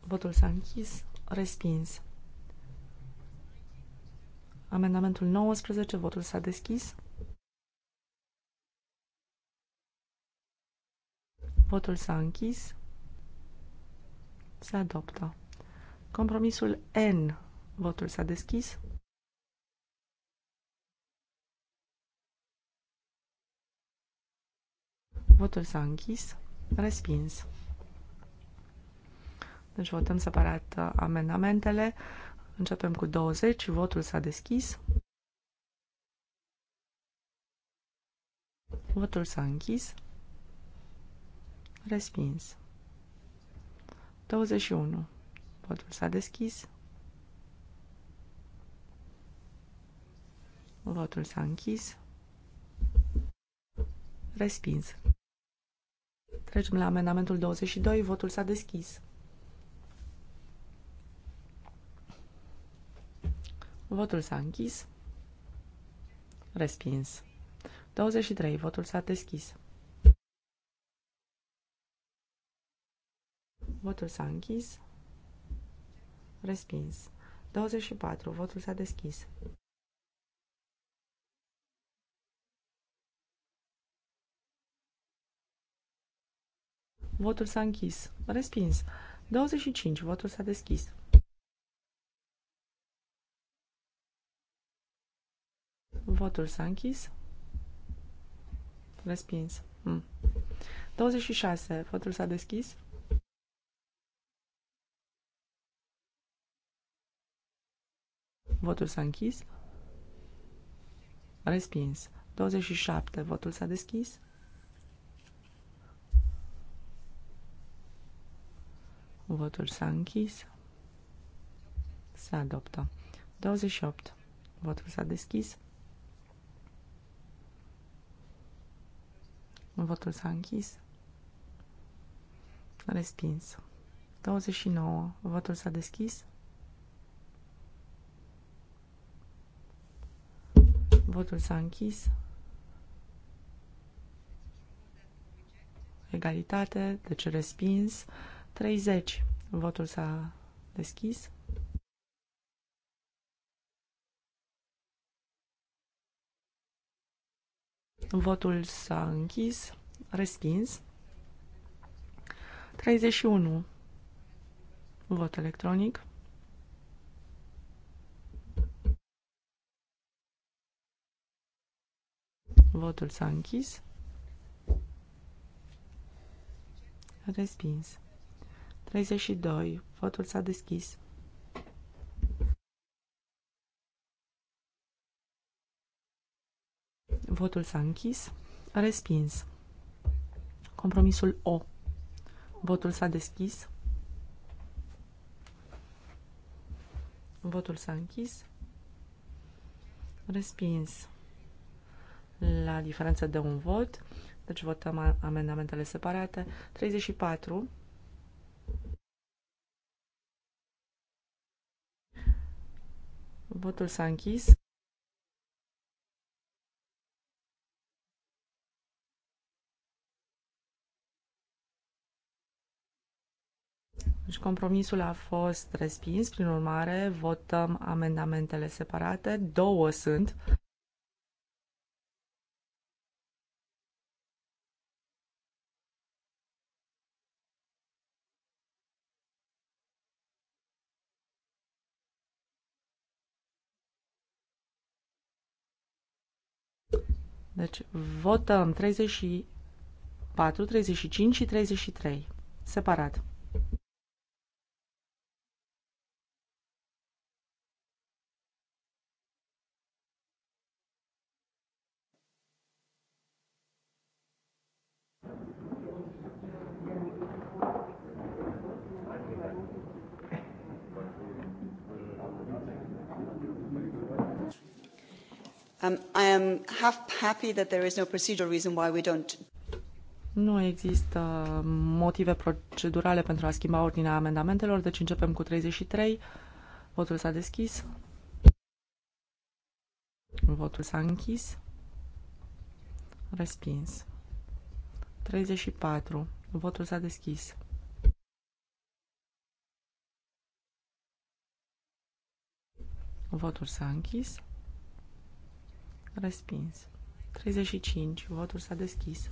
D: Votul s-a închis, respins. Amendamentul 19, votul s-a deschis. Votul s-a închis. Se adoptă. Compromisul N. Votul s-a deschis. Votul s-a închis. Respins. Deci votăm separat uh, amendamentele. Începem cu 20. Votul s-a deschis. Votul s-a închis. Respins. 21. Votul s-a deschis. Votul s-a închis. Respins. Trecem la amendamentul 22. Votul s-a deschis. Votul s-a închis. Respins. 23. Votul s-a deschis. Votul s-a închis. Respins. 24. Votul s-a deschis. Votul s-a închis. Respins. 25. Votul s-a deschis. Votul s-a închis. Respins. Mm. 26. Votul s-a deschis. Votul s-a închis. Respins. 27. Votul s-a deschis. Votul s-a închis. Se adoptă. 28. Votul s-a deschis. Votul s-a închis. Respins. 29. Votul s-a deschis. Votul s-a închis. Egalitate, deci respins. 30. Votul s-a deschis. Votul s-a închis, respins. 31. Vot electronic. Votul s-a închis. Respins. 32. Votul s-a deschis. Votul s-a închis. Respins. Compromisul O. Votul s-a deschis. Votul s-a închis. Respins la diferență de un vot. Deci votăm amendamentele separate. 34. Votul s-a închis. Deci compromisul a fost respins, prin urmare votăm amendamentele separate, două sunt. Deci votăm 34, 35 și 33 separat.
A: Um, I am half happy that there is no procedural reason why we don't
D: nu există motive procedurale pentru a schimba ordinea amendamentelor, deci începem cu 33. Votul s-a deschis. Votul s-a închis. Respins. 34. Votul s-a deschis. Votul s-a închis. Respins. 35. Votul s-a deschis.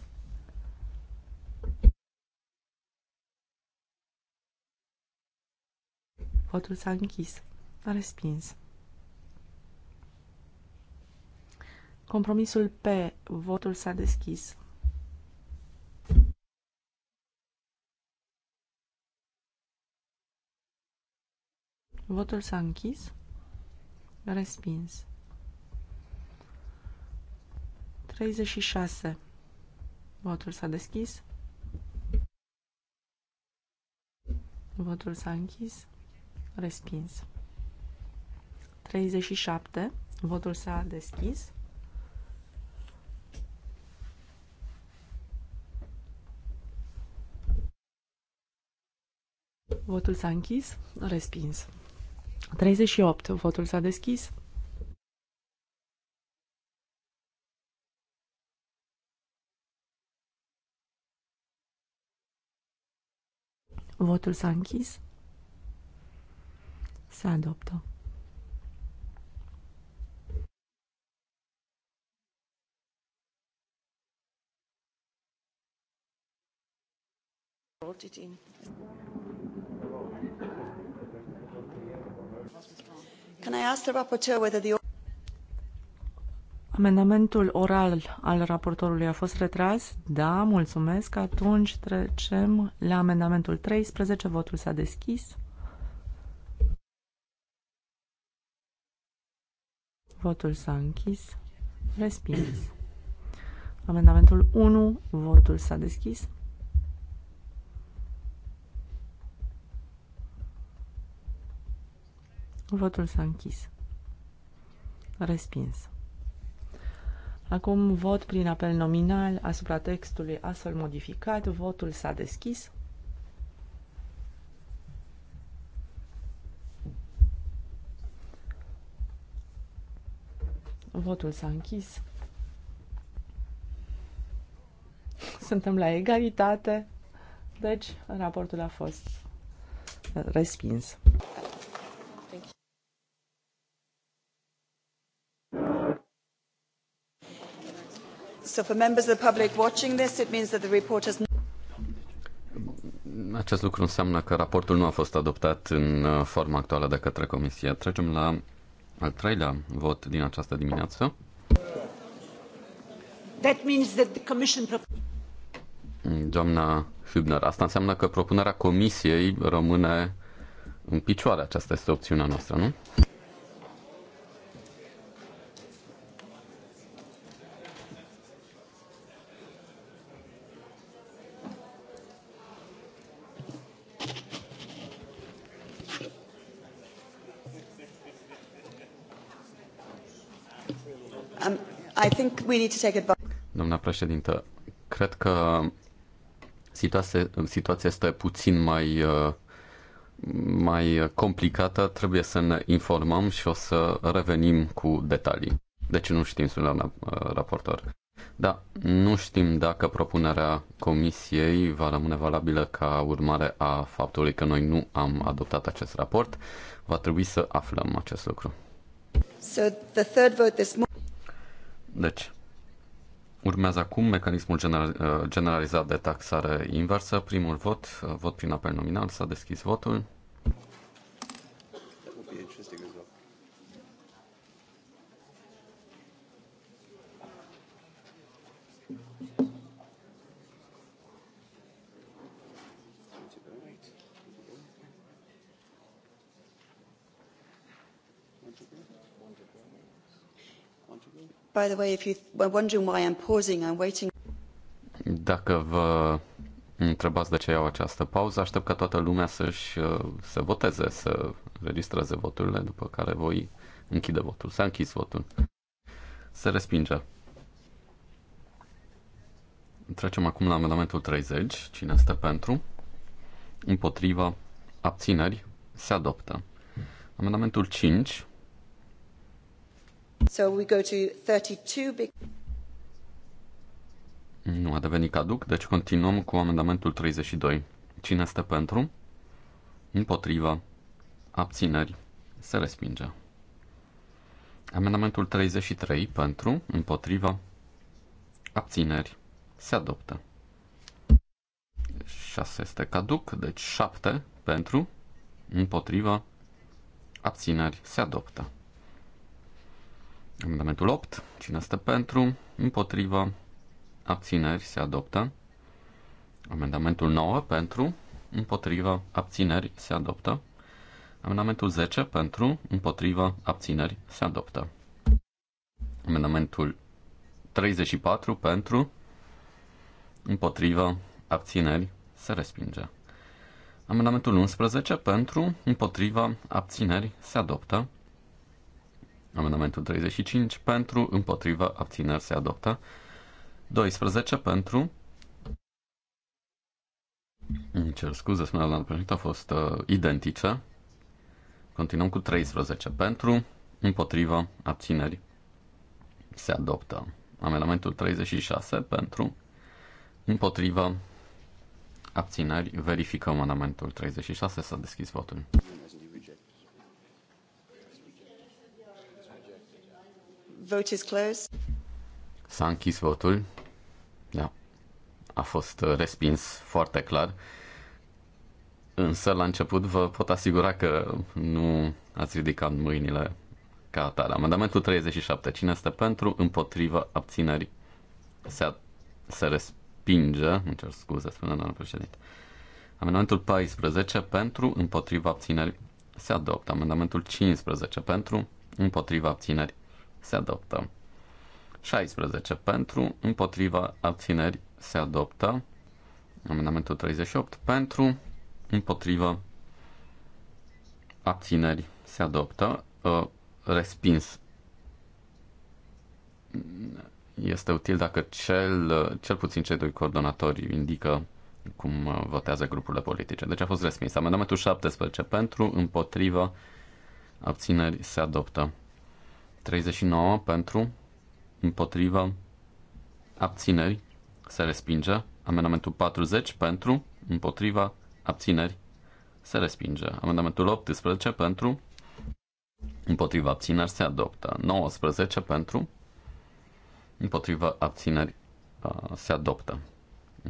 D: Votul s-a închis. Respins. Compromisul P. Votul s-a deschis. Votul s-a închis. Respins. 36. Votul s-a deschis. Votul s-a închis. Respins. 37. Votul s-a deschis. Votul s-a închis. Respins. 38. Votul s-a deschis. Votul s-a închis. Se adoptă.
A: Can I ask the rapporteur whether the
D: Amendamentul oral al raportorului a fost retras? Da, mulțumesc. Atunci trecem la amendamentul 13. Votul s-a deschis. Votul s-a închis. Respins. Amendamentul 1. Votul s-a deschis. Votul s-a închis. Respins. Acum vot prin apel nominal asupra textului astfel modificat. Votul s-a deschis. Votul s-a închis. Suntem la egalitate, deci raportul a fost respins.
A: So for members of the public watching this, it means that the report has
B: acest lucru înseamnă că raportul nu a fost adoptat în uh, forma actuală de către Comisie. Trecem la al treilea vot din această dimineață.
D: That means that the commission...
B: Doamna Hübner, asta înseamnă că propunerea Comisiei rămâne în picioare. Aceasta este opțiunea noastră, nu?
A: I think we need to take
B: Doamna președintă, cred că situația, situația este puțin mai uh, mai complicată, trebuie să ne informăm și o să revenim cu detalii. Deci nu știm, sunt la uh, raportor. Da, nu știm dacă propunerea comisiei va rămâne valabilă ca urmare a faptului că noi nu am adoptat acest raport. Va trebui să aflăm acest lucru.
A: So the third vote this
B: deci, urmează acum mecanismul uh, generalizat de taxare inversă. Primul vot, uh, vot prin apel nominal, s-a deschis votul.
A: By the way, if you were wondering why I'm pausing, I'm waiting.
B: Dacă vă întrebați de ce iau această pauză, aștept ca toată lumea să-și uh, să voteze, să registreze voturile, după care voi închide votul. S-a închis votul. Se respinge. Trecem acum la amendamentul 30. Cine este pentru? Împotriva. Abțineri. Se adoptă. Amendamentul 5 nu a devenit caduc, deci continuăm cu amendamentul 32. Cine este pentru? Împotriva. Abțineri. Se respinge. Amendamentul 33 pentru, împotriva, abțineri. Se adoptă. 6 este caduc, deci 7 pentru, împotriva, abțineri. Se adoptă. Amendamentul 8. Cine stă pentru? Împotrivă. Abțineri se adoptă. Amendamentul 9 pentru, împotriva, abțineri se adoptă. Amendamentul 10 pentru, împotriva, abțineri se adoptă. Amendamentul 34 pentru, împotriva, abțineri se respinge. Amendamentul 11 pentru, împotriva, abțineri se adoptă. Amendamentul 35 pentru, împotriva, abțineri se adoptă. 12 pentru. Îmi cer scuze, spunea la președinte, a fost uh, identice. Continuăm cu 13 pentru, împotriva, abțineri se adoptă. Amendamentul 36 pentru, împotriva, abțineri. Verificăm amendamentul 36, s-a deschis votul.
A: Vote is closed.
B: S-a închis votul. Da. A fost uh, respins foarte clar. Însă, la început, vă pot asigura că nu ați ridicat mâinile ca atare. Amendamentul 37. Cine este pentru? Împotrivă abținerii. Se, se respinge. Îmi cer scuze, spune doamna președinte. Amendamentul 14. Pentru? Împotriva abținerii. Se adoptă. Amendamentul 15. Pentru? Împotriva abținerii se adoptă. 16 pentru, împotriva abțineri se adoptă. Amendamentul 38 pentru, împotriva abțineri se adoptă. Ă, respins este util dacă cel, cel puțin cei doi coordonatori indică cum ă, votează grupurile politice. Deci a fost respins. Amendamentul 17 pentru, împotriva abțineri se adoptă. 39 pentru, împotriva, abțineri, se respinge. Amendamentul 40 pentru, împotriva, abțineri, se respinge. Amendamentul 18 pentru, împotriva, abțineri, se adoptă. 19 pentru, împotriva, abțineri, uh, se adoptă.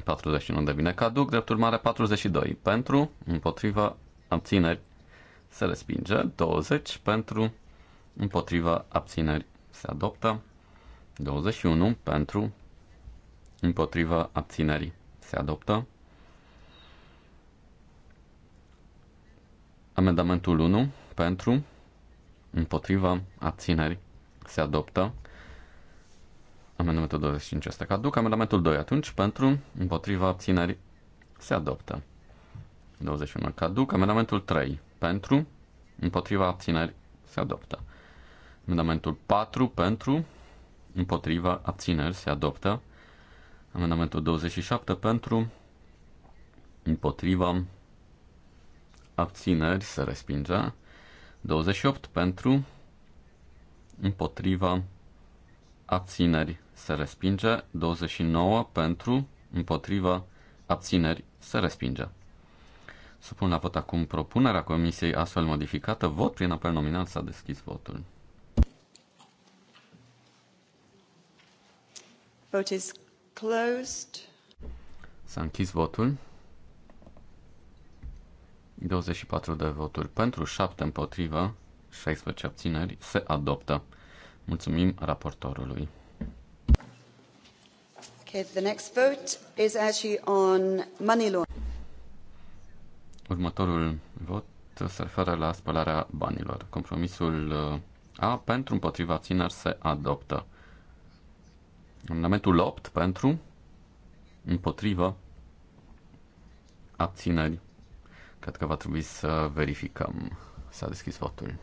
B: 41 devine caduc, drept urmare 42 pentru, împotriva, abțineri, se respinge. 20 pentru, împotriva abțineri se adoptă. 21 pentru împotriva abținerii se adoptă. Amendamentul 1 pentru împotriva abținerii se adoptă. Amendamentul 25 este caduc. Amendamentul 2 atunci pentru împotriva abținerii se adoptă. 21 caduc. Amendamentul 3 pentru împotriva abținerii se adoptă. Amendamentul 4 pentru, împotriva, abțineri se adoptă. Amendamentul 27 pentru, împotriva, abțineri se respinge. 28 pentru, împotriva, abțineri se respinge. 29 pentru, împotriva, abțineri se respinge. Supun la vot acum propunerea comisiei astfel modificată. Vot prin apel nominal s-a deschis votul.
A: Vote is closed.
B: S-a închis votul. 24 de voturi pentru, 7 împotrivă, 16 abțineri. Se adoptă. Mulțumim raportorului.
A: Okay, the next vote is actually on money law.
B: Următorul vot se referă la spălarea banilor. Compromisul uh, A pentru împotriva țineri se adoptă. Amendamentul 8 pentru, împotrivă, abțineri. Cred că va trebui să verificăm. S-a deschis votul.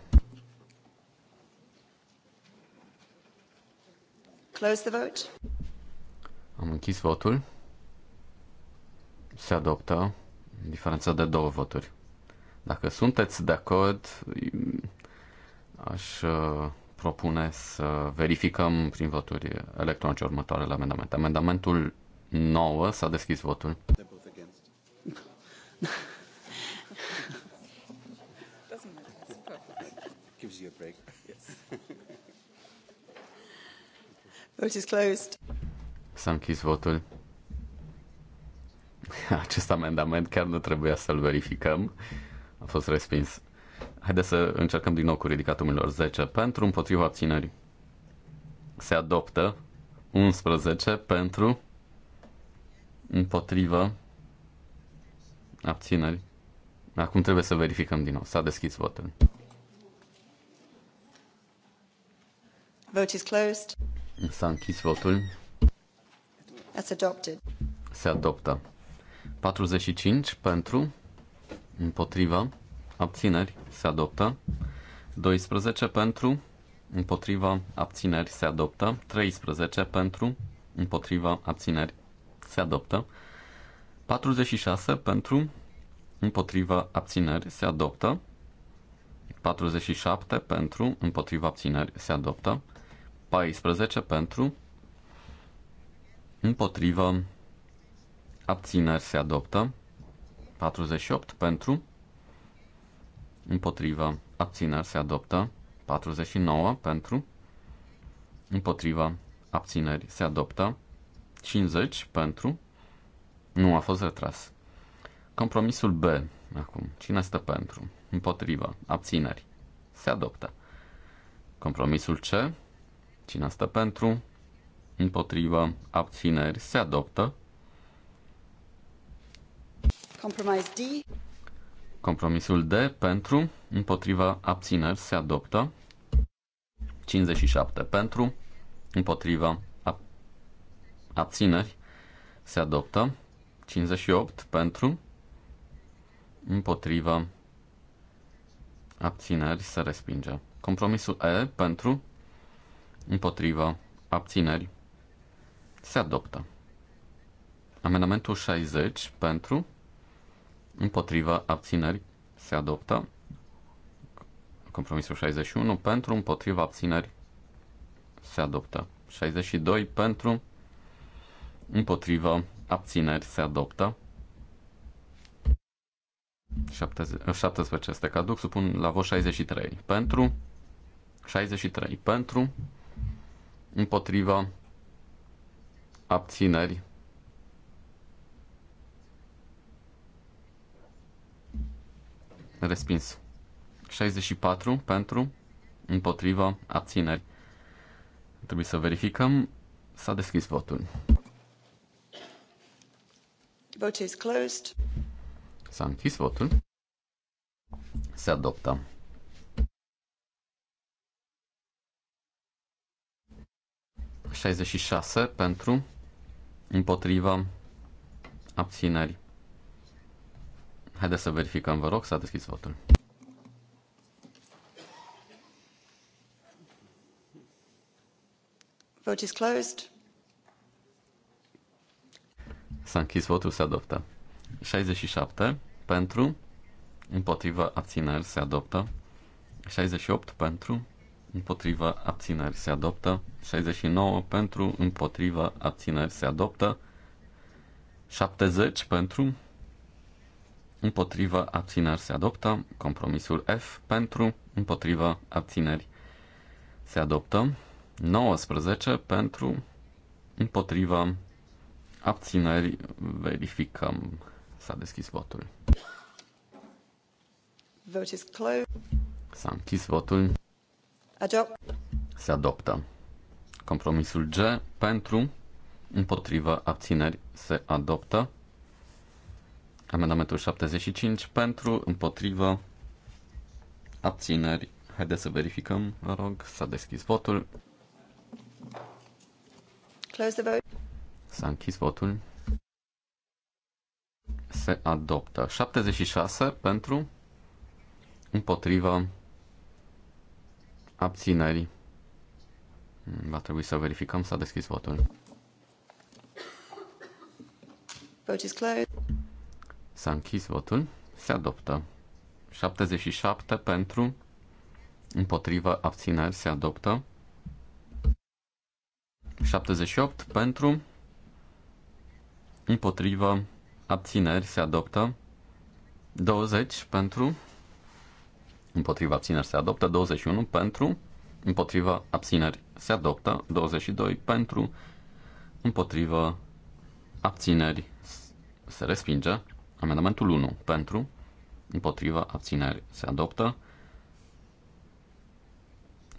A: Close the vote.
B: Am închis votul. Se adoptă diferența de două voturi. Dacă sunteți de acord, aș uh, propune să verificăm prin voturi electronice următoarele amendamente. Amendamentul 9 s-a deschis votul.
A: Vote is closed.
B: S-a închis votul. <laughs> Acest amendament chiar nu trebuia să-l verificăm. A fost respins. Haideți să încercăm din nou cu ridicatul mâinilor 10 pentru, împotriva abținerii. Se adoptă 11 pentru, împotriva abținerii. Acum trebuie să verificăm din nou. S-a deschis votul.
A: Vote is closed.
B: S-a închis votul.
A: That's adopted.
B: Se adoptă. 45 pentru, împotriva, abțineri se adoptă, 12 pentru, împotriva abțineri se adoptă, 13 pentru, împotriva abțineri se adoptă, 46 pentru, împotriva abțineri se adoptă, 47 pentru, împotriva abțineri se adoptă, 14 pentru, împotriva abțineri se adoptă, 48 pentru, împotriva, abțineri se adoptă. 49 pentru, împotriva, abțineri se adoptă. 50 pentru, nu a fost retras. Compromisul B, acum, cine stă pentru, împotriva, abțineri, se adoptă. Compromisul C, cine stă pentru, împotriva, abțineri, se adoptă.
A: Compromise D.
B: Compromisul D pentru, împotriva abțineri se adoptă. 57 pentru, împotriva ab- abțineri se adoptă. 58 pentru, împotriva abțineri se respinge. Compromisul E pentru, împotriva abțineri se adoptă. Amendamentul 60 pentru, împotriva abțineri se adoptă. Compromisul 61 pentru împotriva abțineri se adoptă. 62 pentru împotriva abțineri se adoptă. 17 eh, este caduc, supun la vot 63 pentru 63 pentru împotriva abțineri Respins. 64 pentru, împotriva, abțineri. Trebuie să verificăm. S-a deschis votul.
A: Vote is closed.
B: S-a închis votul. Se adoptă. șase pentru, împotriva, abțineri. Haideți să verificăm, vă rog, s-a deschis votul.
A: Vote is closed.
B: S-a închis votul, se adoptă. 67 pentru, împotriva abțineri se adoptă. 68 pentru, împotriva abțineri se adoptă. 69 pentru, împotriva abțineri se adoptă. 70 pentru, împotrivă, abțineri se adoptă. Compromisul F pentru, împotrivă, abțineri se adoptă. 19 pentru, împotrivă, abțineri verificăm. S-a deschis votul.
A: Vote is closed.
B: S-a închis votul. Adopt. Se adoptă. Compromisul G pentru, împotrivă, abțineri se adoptă. Amendamentul 75 pentru, împotrivă, abțineri. Haideți să verificăm, vă rog, s-a deschis votul. Close the vote. S-a închis votul. Se adoptă. 76 pentru, împotrivă, abțineri. Va trebui să verificăm, s-a deschis votul.
A: Vote is closed.
B: S-a închis votul. Se adoptă. 77 pentru. Împotrivă abțineri se adoptă. 78 pentru. Împotrivă abțineri se adoptă. 20 pentru. Împotriva abțineri se adoptă. 21 pentru. Împotriva abțineri se adoptă. 22 pentru. Împotriva abțineri se respinge. Amendamentul 1 pentru, împotriva, abțineri se adoptă.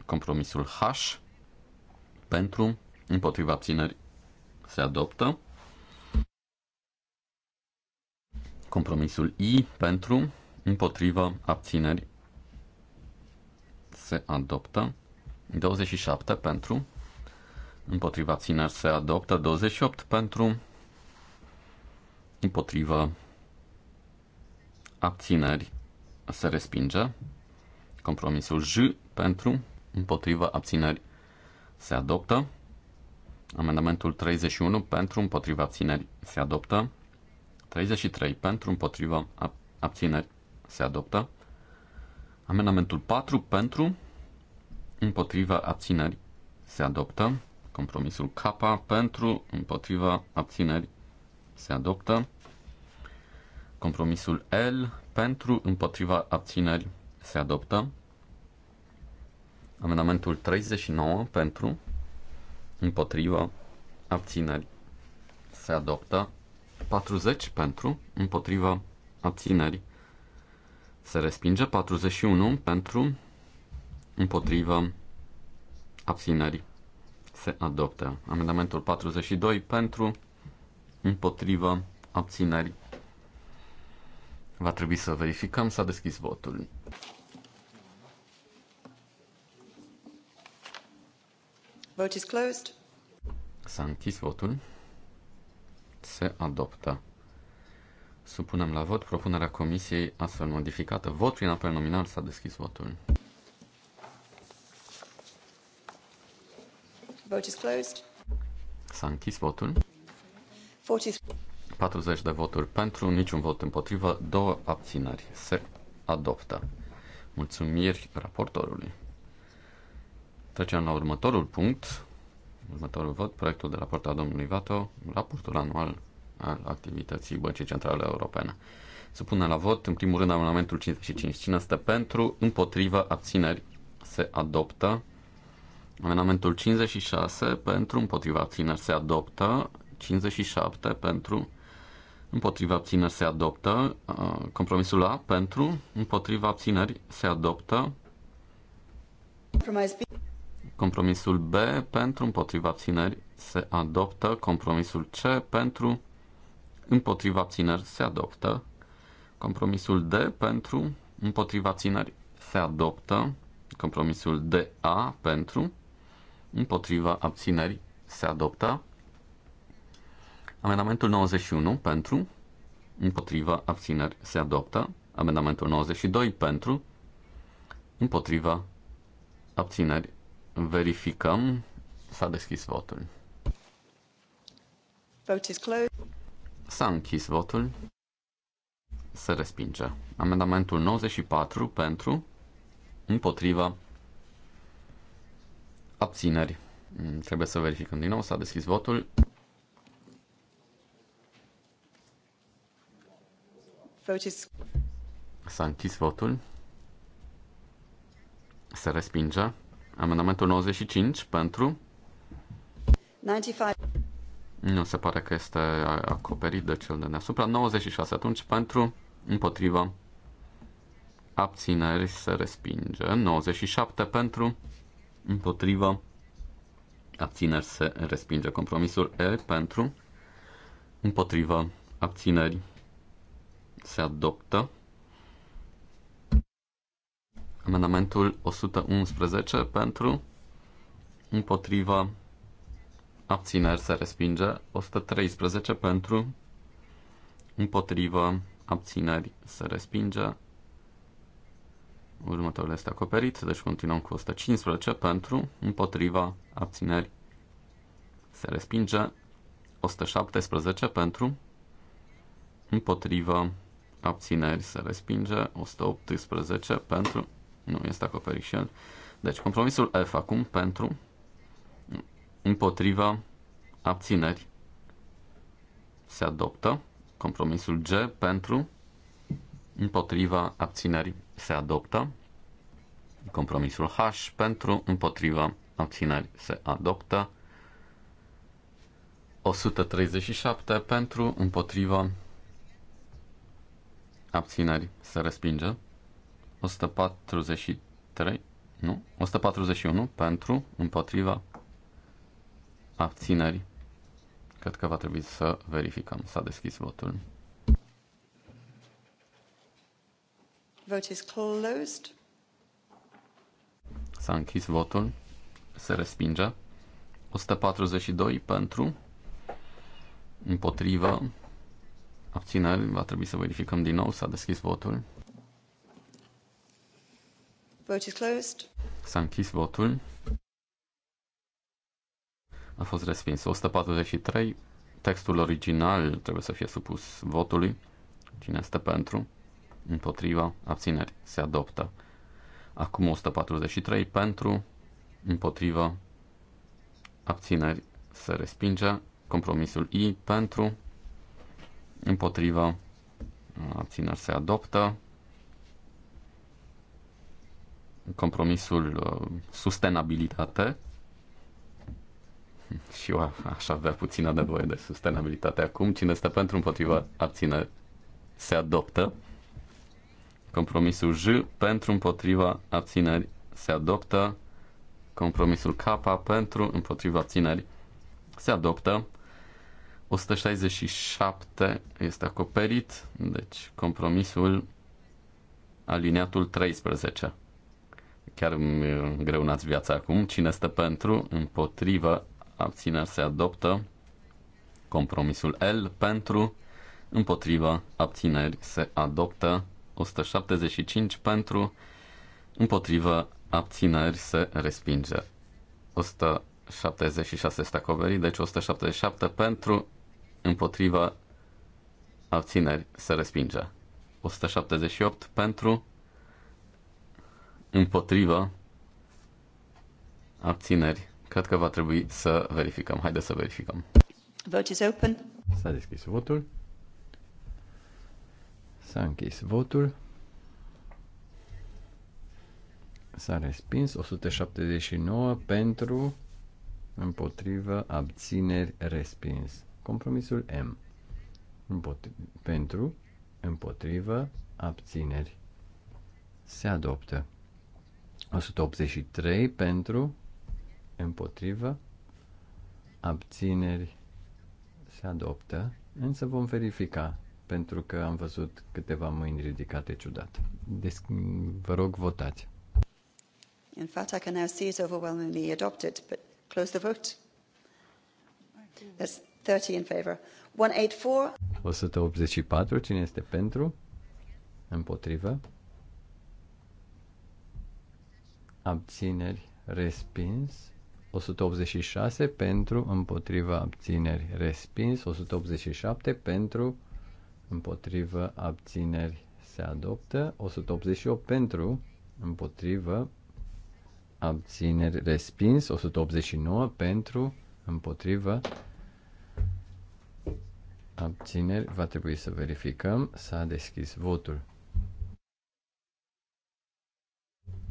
B: Compromisul H pentru, împotriva, abțineri se adoptă. Compromisul I pentru, împotriva, abțineri se adoptă. 27 pentru, împotriva Abțineri. se adoptă 28 pentru, împotriva abțineri se respinge. Compromisul J pentru, împotriva abțineri se adoptă. Amendamentul 31 pentru, împotriva abțineri se adoptă. 33 pentru, împotriva abțineri se adoptă. Amendamentul 4 pentru, împotriva abțineri se adoptă. Compromisul K pentru, împotriva abțineri se adoptă. Compromisul L pentru împotriva abțineri se adoptă. Amendamentul 39 pentru împotriva abțineri se adoptă. 40 pentru împotriva abțineri se respinge. 41 pentru împotriva abțineri se adoptă. Amendamentul 42 pentru împotriva abțineri Va trebui să verificăm. S-a deschis votul.
A: Vote is closed.
B: S-a închis votul. Se adoptă. Supunem la vot propunerea comisiei astfel modificată. Vot prin apel nominal s-a deschis votul.
A: Vote is closed.
B: S-a închis votul. 40... 40 de voturi pentru, niciun vot împotrivă, două abțineri. Se adoptă. Mulțumiri raportorului. Trecem la următorul punct. Următorul vot, proiectul de raport al domnului Vato, raportul anual al activității Băncii Centrale Europene. Se pune la vot, în primul rând, amendamentul 55. Cine stă pentru, împotrivă, abțineri, se adoptă. Amendamentul 56 pentru, împotriva abțineri, se adoptă. 57 pentru, împotriva abțineri se adoptă. Compromisul A pentru, împotriva abțineri se adoptă. Compromisul B pentru, împotriva abțineri se adoptă. Compromisul C pentru, împotriva abțineri se adoptă. Compromisul D pentru, împotriva abțineri se adoptă. Compromisul DA pentru, împotriva abțineri se adoptă. Amendamentul 91 pentru, împotriva abțineri se adoptă. Amendamentul 92 pentru, împotriva abțineri. Verificăm. S-a deschis votul.
A: Vote is closed.
B: S-a închis votul. Se respinge. Amendamentul 94 pentru, împotriva abțineri. Trebuie să verificăm din nou. S-a deschis votul. vote is... S-a închis votul. Se respinge. Amendamentul 95 pentru. 95. Nu se pare că este acoperit de cel de deasupra. 96 atunci pentru, împotriva, abțineri se respinge. 97 pentru, împotriva, abțineri se respinge. Compromisul E pentru, împotriva, abțineri se adoptă. Amendamentul 111 pentru, împotriva, abțineri se respinge. 113 pentru, împotriva, abțineri se respinge. Următorul este acoperit, deci continuăm cu 115 pentru, împotriva, abțineri se respinge. 117 pentru, împotriva, abțineri se respinge, 118 pentru, nu este acoperit și el. Deci compromisul F acum pentru, împotriva, abțineri se adoptă, compromisul G pentru, împotriva, abțineri se adoptă, compromisul H pentru, împotriva, abțineri se adoptă, 137 pentru, împotriva, abțineri se respinge. 143, nu, 141 pentru, împotriva, abțineri. Cred că va trebui să verificăm. S-a deschis votul.
A: Vote is closed.
B: S-a închis votul. Se respinge. 142 pentru, împotriva, Abțineri, va trebui să verificăm din nou, s-a deschis votul.
A: Vote is closed.
B: S-a închis votul. A fost respins. 143. Textul original trebuie să fie supus votului. Cine este pentru? Împotriva. Abțineri. Se adoptă. Acum 143. Pentru. Împotriva. Abțineri. Se respinge. Compromisul I. Pentru împotriva, abțineri se adoptă. Compromisul uh, sustenabilitate <laughs> și eu aș avea puțină nevoie de sustenabilitate acum. Cine este pentru împotriva abține se adoptă. Compromisul J pentru împotriva abțineri se adoptă. Compromisul K pentru împotriva abțineri se adoptă. 167 este acoperit, deci compromisul aliniatul 13. Chiar îmi greunați viața acum. Cine stă pentru, împotrivă, abțineri se adoptă. Compromisul L pentru, împotrivă, abțineri se adoptă. 175 pentru, împotrivă, abțineri se respinge. 176 este acoperit, deci 177 pentru, împotriva abțineri se respinge. 178 pentru împotriva abțineri. Cred că va trebui să verificăm. Haideți să verificăm.
A: Vote is open. S-a deschis votul.
C: S-a închis votul. S-a respins 179 pentru, împotrivă, abțineri, respins. Compromisul M. Împot pentru, împotrivă, abțineri. Se adoptă. 183 pentru, împotrivă, abțineri. Se adoptă, însă vom verifica pentru că am văzut câteva mâini ridicate ciudat. Des- vă rog, votați.
A: In fact, I can now see it's overwhelmingly adopted, but close the vote. That's 30 in favor. 184.
C: 184. Cine este pentru? Împotrivă. Abțineri. Respins. 186 pentru, împotriva abțineri respins, 187 pentru, împotriva abțineri se adoptă, 188 pentru, împotriva abțineri respins, 189 pentru, împotriva abțineri, va trebui să verificăm. S-a deschis votul.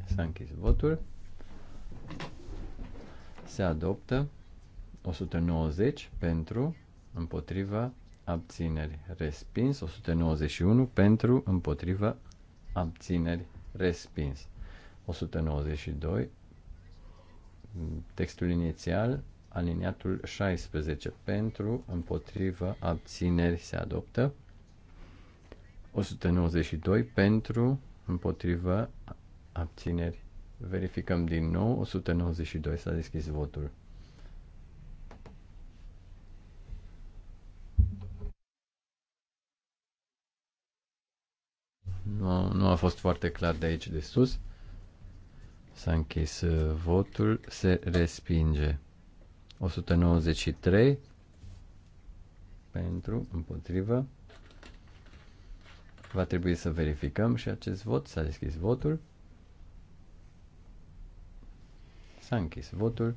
C: S-a închis votul. Se adoptă 190 pentru, împotriva, abțineri, respins. 191 pentru, împotriva, abțineri, respins. 192 textul inițial aliniatul 16 pentru, împotrivă, abțineri se adoptă. 192 pentru, împotrivă, abțineri. Verificăm din nou. 192 s-a deschis votul. Nu, nu a fost foarte clar de aici de sus. S-a închis uh, votul, se respinge. 193 pentru, împotrivă. Va trebui să verificăm și acest vot. S-a deschis votul. S-a închis votul.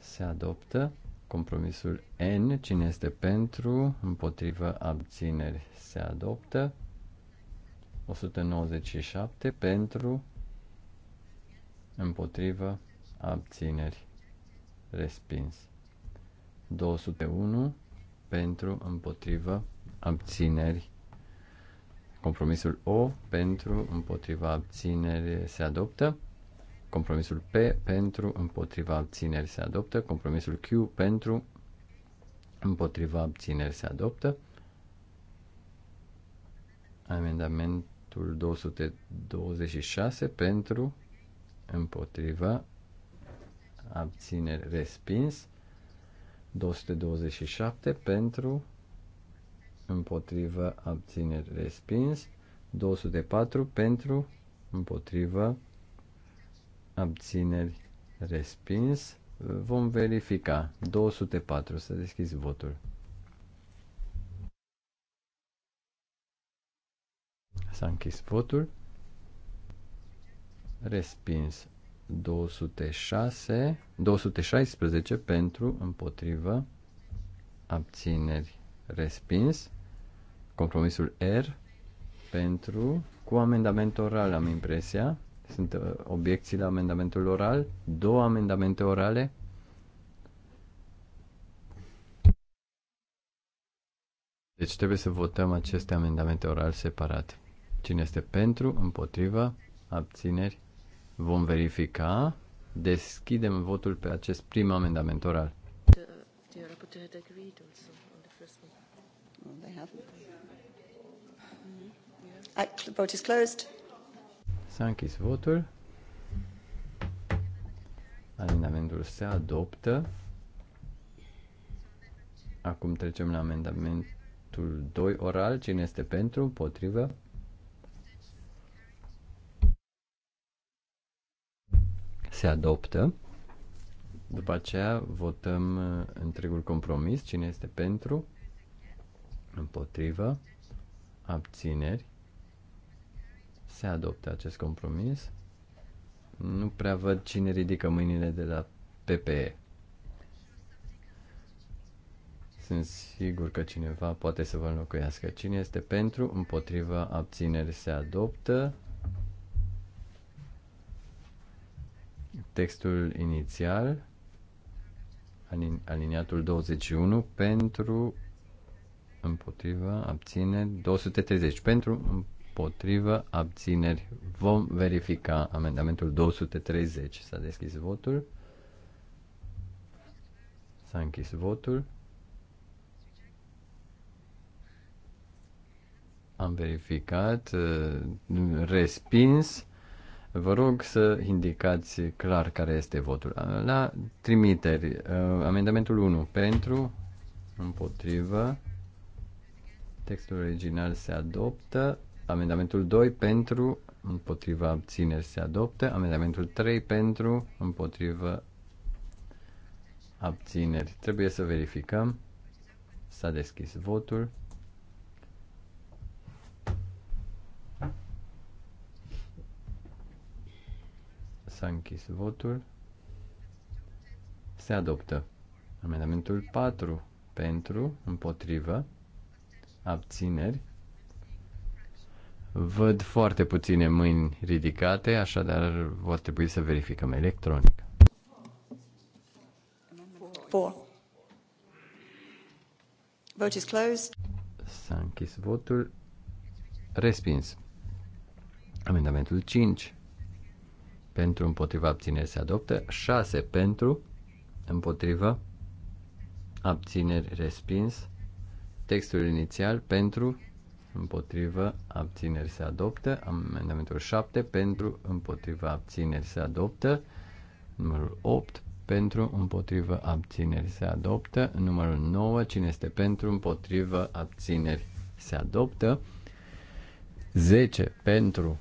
C: Se adoptă compromisul N. Cine este pentru, împotrivă, abțineri, se adoptă. 197 pentru, împotrivă, abțineri respins. 201 pentru, împotrivă, abțineri. Compromisul O pentru, împotriva, abțineri se adoptă. Compromisul P pentru, împotriva, abțineri se adoptă. Compromisul Q pentru, împotriva, abțineri se adoptă. Amendamentul 226 pentru, împotriva, abțineri respins, 227 pentru, împotrivă, abțineri respins, 204 pentru, împotrivă, abțineri respins, vom verifica, 204, să deschizi votul. S-a închis votul. Respins. 206, 216 pentru, împotrivă, abțineri, respins. Compromisul R pentru, cu amendament oral am impresia, sunt uh, obiecții la amendamentul oral, două amendamente orale. Deci trebuie să votăm aceste amendamente oral separat. Cine este pentru, împotrivă, abțineri, Vom verifica. Deschidem votul pe acest prim amendament
A: oral. S-a închis
C: votul. Amendamentul se adoptă. Acum trecem la amendamentul 2 oral. Cine este pentru? Potrivă? se adoptă. După aceea votăm uh, întregul compromis, cine este pentru, împotrivă, abțineri. Se adoptă acest compromis. Nu prea văd cine ridică mâinile de la PPE. Sunt sigur că cineva poate să vă înlocuiască. Cine este pentru, împotrivă, abțineri se adoptă. textul inițial, aliniatul 21, pentru, împotrivă, abțineri, 230, pentru, împotrivă, abțineri. Vom verifica amendamentul 230. S-a deschis votul. S-a închis votul. Am verificat, uh, respins Vă rog să indicați clar care este votul. La trimiteri, uh, amendamentul 1 pentru, împotrivă, textul original se adoptă, amendamentul 2 pentru, împotriva abțineri se adoptă, amendamentul 3 pentru, împotriva abțineri. Trebuie să verificăm. S-a deschis votul. S-a închis votul. Se adoptă. Amendamentul 4 pentru, împotrivă, abțineri. Văd foarte puține mâini ridicate, așadar vor trebui să verificăm electronic.
A: 4. Vote is closed.
C: S-a închis votul. Respins. Amendamentul 5 pentru împotriva abțineri se adoptă, 6 pentru împotriva abțineri respins, textul inițial pentru împotriva abțineri se adoptă, amendamentul 7 pentru împotriva abțineri se adoptă, numărul 8 pentru împotriva abțineri se adoptă, numărul 9 cine este pentru împotriva abțineri se adoptă, 10 pentru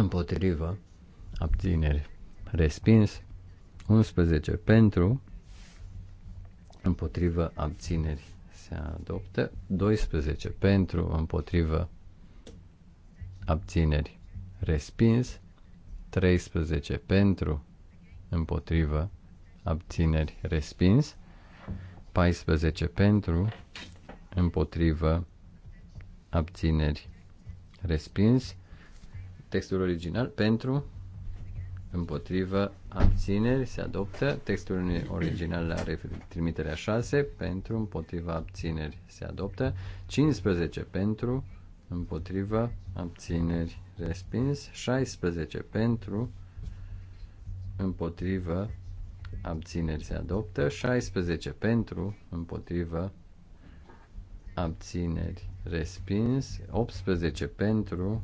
C: împotrivă, abțineri, respins, 11 pentru, împotrivă, abțineri, se adoptă, 12 pentru, împotrivă, abțineri, respins, 13 pentru, împotrivă, abțineri, respins, 14 pentru, împotrivă, abțineri, respins, textul original pentru, împotrivă, abțineri, se adoptă. Textul original la trimiterea 6, pentru, împotrivă, abțineri, se adoptă. 15 pentru, împotrivă, abțineri, respins. 16 pentru, împotrivă, abțineri, se adoptă. 16 pentru, împotrivă, abțineri, respins. 18 pentru,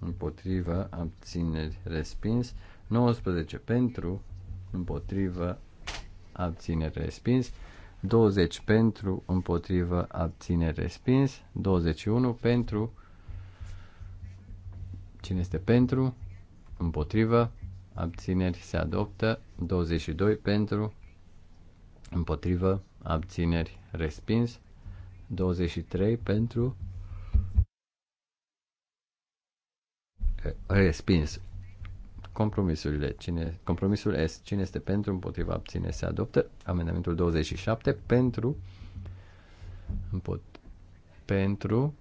C: împotrivă, abțineri, respins. 19 pentru, împotrivă, abțineri, respins. 20 pentru, împotrivă, abțineri, respins. 21 pentru, cine este pentru, împotrivă, abțineri, se adoptă. 22 pentru, împotrivă, abțineri, respins. 23 pentru, respins. Compromisurile. Cine, compromisul S. Cine este pentru, împotriva, abține, se adoptă. Amendamentul 27 pentru, împot, pentru,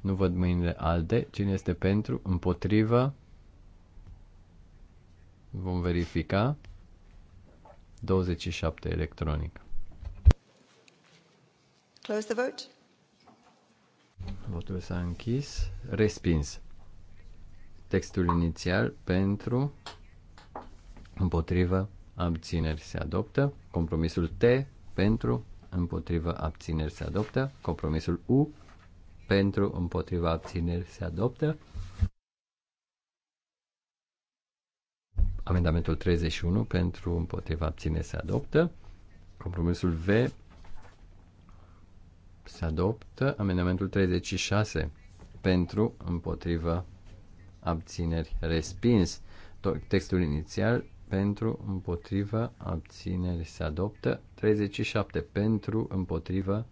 C: nu văd mâinile alte. Cine este pentru, împotriva, vom verifica. 27 electronic.
A: Close the vote.
C: Votul s-a închis. Respins textul inițial pentru, împotrivă, abțineri se adoptă, compromisul T pentru, împotrivă, abțineri se adoptă, compromisul U pentru, împotriva, abțineri se adoptă, amendamentul 31 pentru, împotriva, abțineri se adoptă, compromisul V se adoptă, amendamentul 36 pentru, împotriva, abțineri, respins. Textul inițial pentru, împotrivă, abțineri se adoptă. 37 pentru, împotrivă,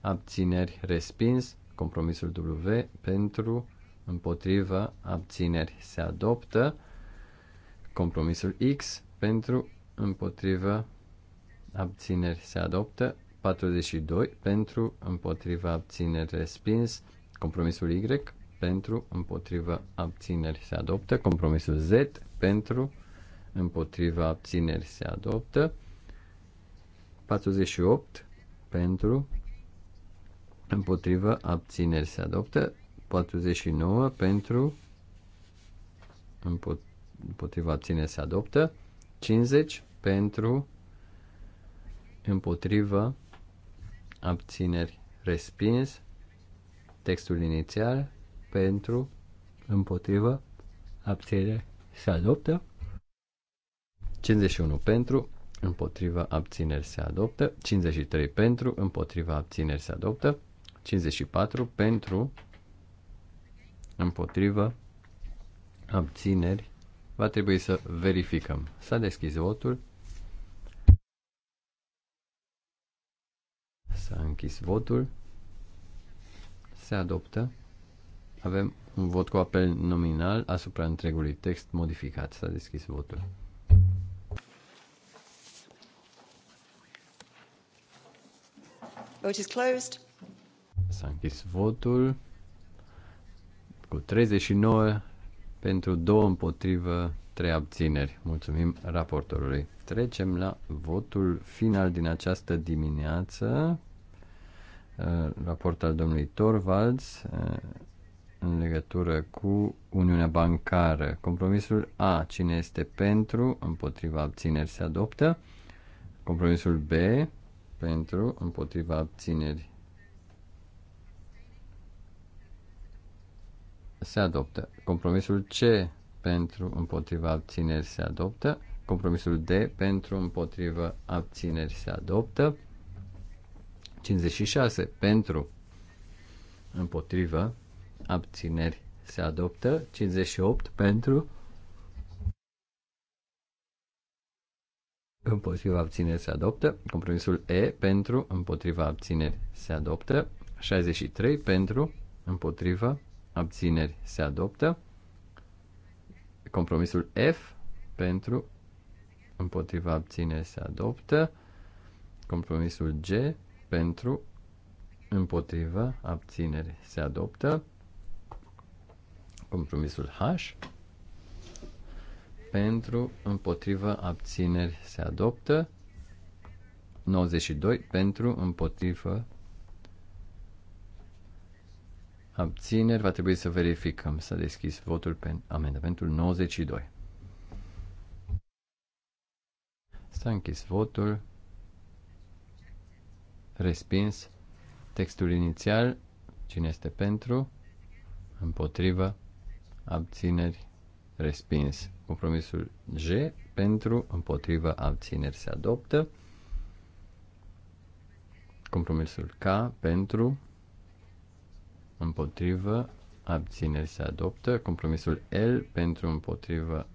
C: abțineri, respins. Compromisul W pentru, împotrivă, abțineri se adoptă. Compromisul X pentru, împotrivă, abțineri se adoptă. 42 pentru, împotriva abțineri respins. Compromisul Y pentru, împotriva abțineri se adoptă. Compromisul Z pentru, împotriva abțineri se adoptă. 48 pentru, împotriva abțineri se adoptă. 49 pentru, împotriva abțineri se adoptă. 50 pentru, împotriva abțineri respins. Textul inițial pentru, împotrivă, abținere, se adoptă. 51 pentru, împotriva abțineri se adoptă, 53 pentru, împotriva abțineri se adoptă, 54 pentru, împotriva abțineri, va trebui să verificăm. S-a deschis votul, s-a închis votul, se adoptă, avem un vot cu apel nominal asupra întregului text modificat. S-a deschis votul.
A: Vote is closed.
C: S-a închis votul cu 39 pentru 2 împotrivă, 3 abțineri. Mulțumim raportorului. Trecem la votul final din această dimineață. Uh, raport al domnului Torvalds uh, în legătură cu Uniunea Bancară. Compromisul A. Cine este pentru, împotriva abțineri se adoptă. Compromisul B. Pentru, împotriva abțineri se adoptă. Compromisul C. Pentru, împotriva abțineri se adoptă. Compromisul D. Pentru, împotriva abțineri se adoptă. 56. Pentru, împotriva abțineri se adoptă, 58 pentru, împotriva abțineri se adoptă, compromisul E pentru, împotriva abțineri se adoptă, 63 pentru, împotriva abțineri se adoptă, compromisul F pentru, împotriva abțineri se adoptă, compromisul G pentru, împotriva abțineri se adoptă, Compromisul H. Pentru, împotrivă, abțineri se adoptă. 92 pentru, împotrivă, abțineri. Va trebui să verificăm. S-a deschis votul pe amendamentul 92. S-a închis votul. Respins. Textul inițial. Cine este pentru? Împotrivă abțineri, respins. Compromisul G pentru, împotrivă, abțineri se adoptă. Compromisul K pentru, împotrivă, abțineri se adoptă. Compromisul L pentru, împotrivă,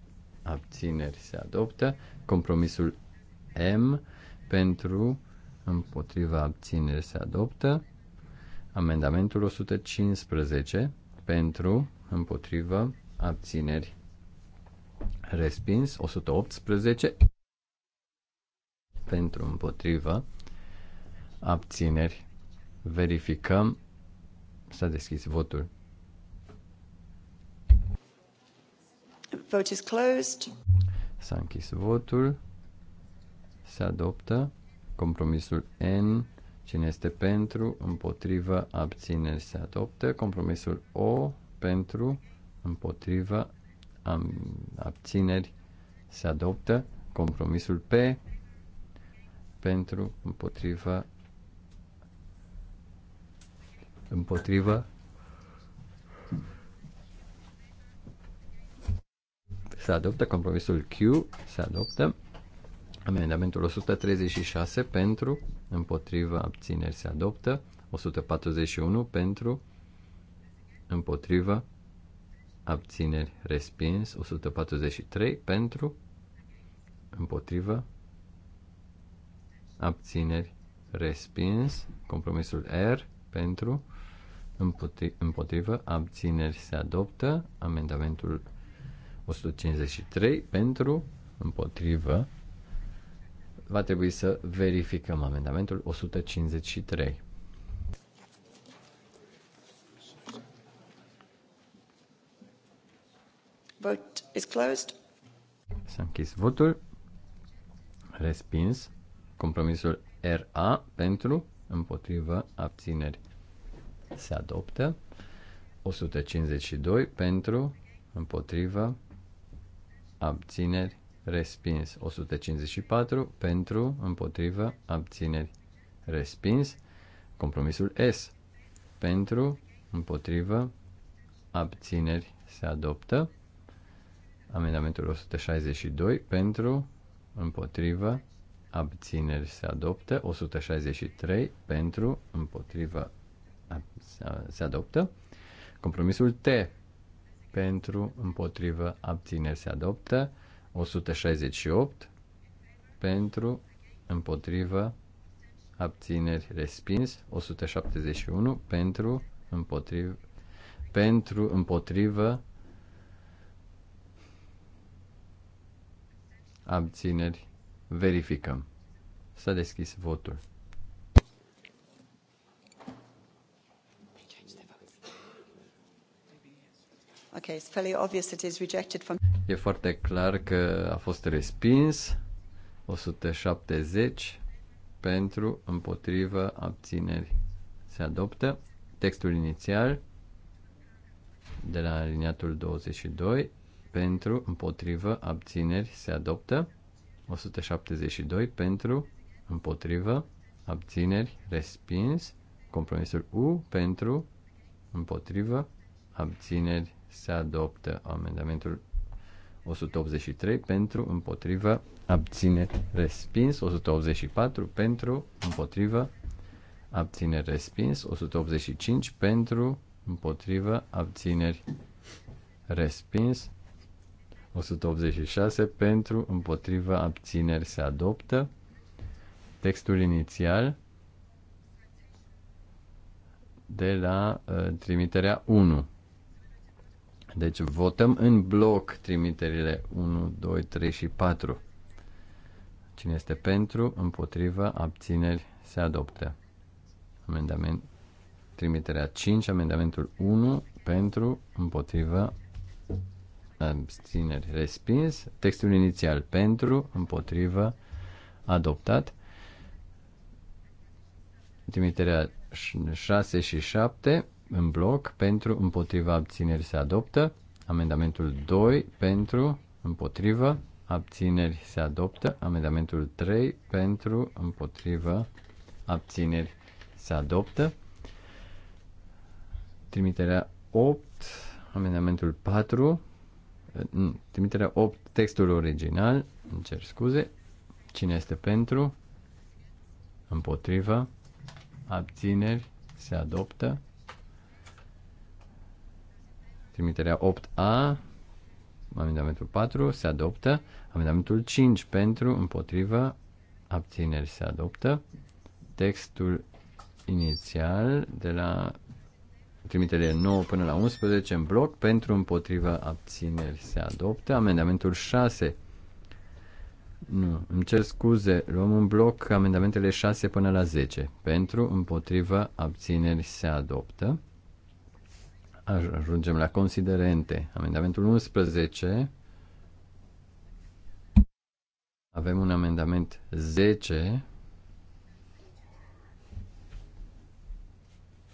C: abțineri se adoptă. Compromisul M pentru, împotriva abțineri se adoptă. Amendamentul 115 pentru, împotrivă, abțineri, respins, 118, pentru împotrivă, abțineri, verificăm, s-a deschis votul.
A: Vote is closed.
C: S-a închis votul. Se adoptă compromisul N. Cine este pentru, împotrivă, abțineri se adoptă. Compromisul O pentru, împotrivă, am, abțineri, se adoptă. Compromisul P pentru, împotrivă, împotrivă, se adoptă compromisul Q, se adoptă amendamentul 136 pentru, împotrivă, abțineri se adoptă, 141 pentru, împotrivă, abțineri, respins, 143 pentru, împotrivă, abțineri, respins, compromisul R pentru, împotrivă, abțineri se adoptă, amendamentul 153 pentru, împotrivă, va trebui să verificăm amendamentul 153.
A: Vote is closed.
C: S-a închis votul. Respins. Compromisul RA pentru, împotrivă, abțineri. Se adoptă. 152 pentru, împotrivă, abțineri, respins. 154 pentru, împotrivă, abțineri, respins. Compromisul S pentru, împotrivă, abțineri, se adoptă. Amendamentul 162 pentru, împotrivă, abțineri se adoptă. 163 pentru, împotrivă, se adoptă. Compromisul T pentru, împotrivă, abțineri se adoptă. 168 pentru, împotrivă, abțineri respins. 171 pentru, împotrivă, pentru, împotrivă, abțineri, verificăm. S-a deschis votul.
A: Okay, it's fairly obvious it is rejected from...
C: E foarte clar că a fost respins 170 pentru, împotrivă, abțineri. Se adoptă textul inițial de la aliniatul 22 pentru, împotrivă, abțineri, se adoptă. 172 pentru, împotrivă, abțineri, respins. Compromisul U pentru, împotrivă, abțineri, se adoptă. Amendamentul 183 pentru, împotrivă, abțineri, respins. 184 pentru, împotrivă, abțineri, respins. 185 pentru, împotrivă, abțineri, respins. 186 pentru, împotriva, abțineri se adoptă. Textul inițial de la uh, trimiterea 1. Deci votăm în bloc trimiterile 1, 2, 3 și 4. Cine este pentru, împotrivă, abțineri, se adoptă. Amendament, trimiterea 5, amendamentul 1, pentru, împotrivă, abțineri, respins. Textul inițial pentru, împotrivă, adoptat. Trimiterea 6 și 7 în bloc pentru, împotriva, abțineri se adoptă. Amendamentul 2 pentru, împotrivă, abțineri se adoptă. Amendamentul 3 pentru, împotrivă, abțineri se adoptă. Trimiterea 8, amendamentul 4 Trimiterea 8, textul original, îmi cer scuze, cine este pentru, împotrivă, abțineri, se adoptă. Trimiterea 8A, amendamentul 4, se adoptă. Amendamentul 5 pentru, împotrivă, abțineri, se adoptă. Textul inițial de la Trimiterile 9 până la 11 în bloc pentru împotriva abțineri se adoptă. Amendamentul 6. Nu, îmi cer scuze, luăm în bloc amendamentele 6 până la 10. Pentru împotriva abțineri se adoptă. Ajungem la considerente. Amendamentul 11. Avem un amendament 10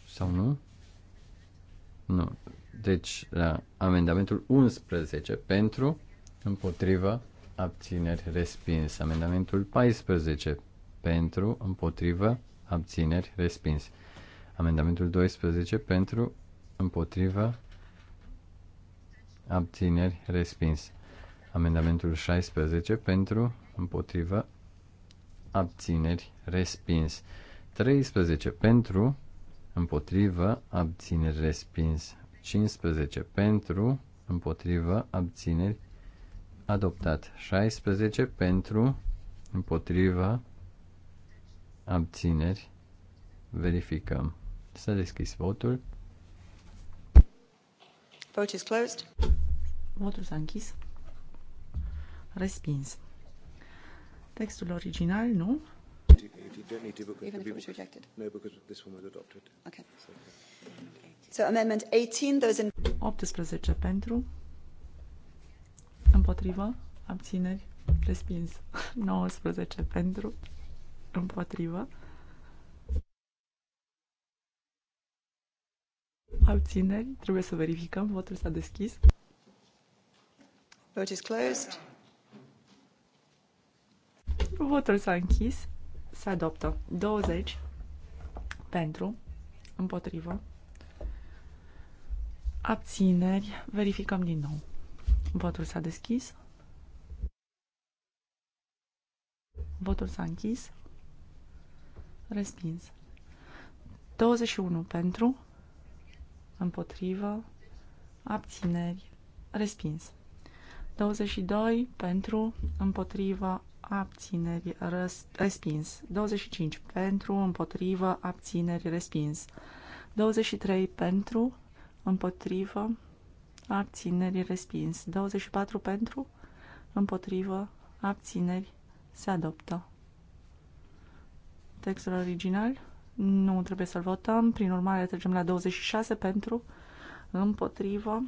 C: sau nu? Nu. Deci, la amendamentul 11 pentru, împotriva, abțineri, respins. Amendamentul 14 pentru, împotriva, abțineri, respins. Amendamentul 12 pentru, împotriva, abțineri, respins. Amendamentul 16 pentru, împotriva, abțineri, respins. 13 pentru, împotrivă, abțineri respins. 15 pentru, împotrivă, abțineri adoptat. 16 pentru, împotrivă, abțineri. Verificăm. să deschis votul.
D: Vote is closed. Votul s-a închis. Respins. Textul original, nu?
A: You don't need to because Even if it was rejected? No, because this one was adopted.
D: Okay. So, so amendment 18, those in... 18 pentru, împotriva, abțineri, respins. 19 <laughs> pentru, împotriva, abțineri, trebuie să verificăm, votul s-a deschis. Vote is closed. Votul s-a închis se adoptă. 20 pentru, împotrivă, abțineri, verificăm din nou. Votul s-a deschis. Votul s-a închis. Respins. 21 pentru, împotrivă, abțineri, respins. 22 pentru, împotrivă, abțineri respins. 25 pentru, împotrivă, abțineri respins. 23 pentru, împotrivă, abțineri respins. 24 pentru, împotrivă, abțineri se adoptă. Textul original nu trebuie să-l votăm, prin urmare trecem la 26 pentru, împotrivă,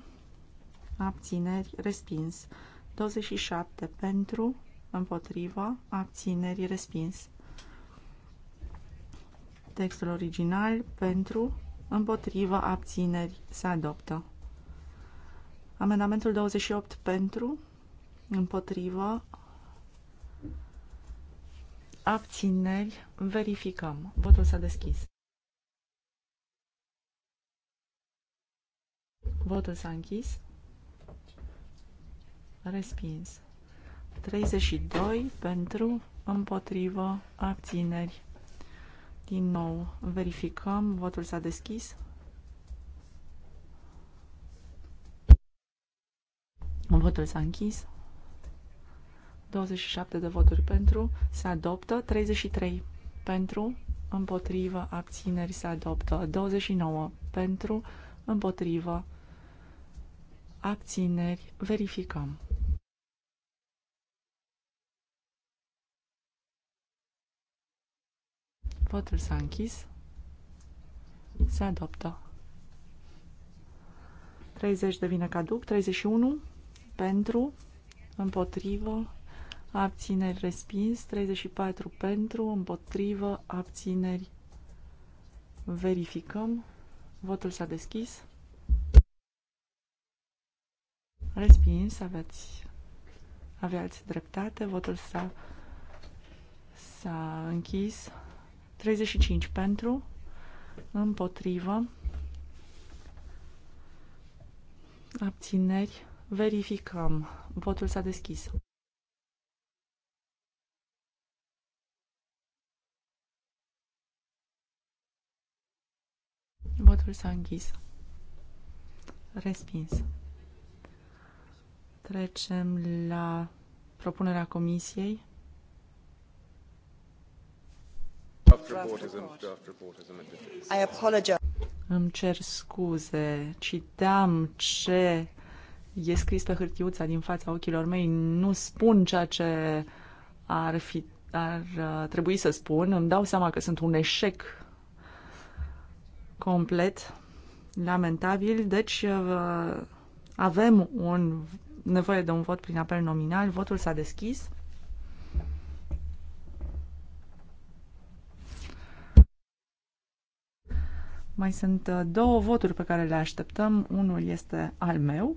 D: abțineri respins. 27 pentru, împotriva, abținerii, respins. Textul original pentru, împotriva, abțineri, se adoptă. Amendamentul 28 pentru, împotriva, abțineri, verificăm. Votul s-a deschis. Votul s-a închis. Respins. 32 pentru, împotrivă, abțineri. Din nou, verificăm, votul s-a deschis. Votul s-a închis. 27 de voturi pentru, se adoptă 33 pentru, împotrivă, abțineri, se adoptă 29 pentru, împotrivă, abțineri, verificăm. Votul s-a închis. Se adoptă. 30 devine caduc. 31 pentru, împotrivă, abțineri respins. 34 pentru, împotrivă, abțineri. Verificăm. Votul s-a deschis. Respins, aveați, aveați dreptate. Votul s-a s-a închis 35 pentru, împotrivă, abțineri, verificăm. Votul s-a deschis. Votul s-a închis. Respins. Trecem la propunerea comisiei.
A: I apologize.
D: Îmi cer scuze, citeam ce e scris pe hârtiuța din fața ochilor mei, nu spun ceea ce ar, fi, ar uh, trebui să spun, îmi dau seama că sunt un eșec complet, lamentabil, deci uh, avem un, nevoie de un vot prin apel nominal, votul s-a deschis. Mai sunt uh, două voturi pe care le așteptăm. Unul este al meu.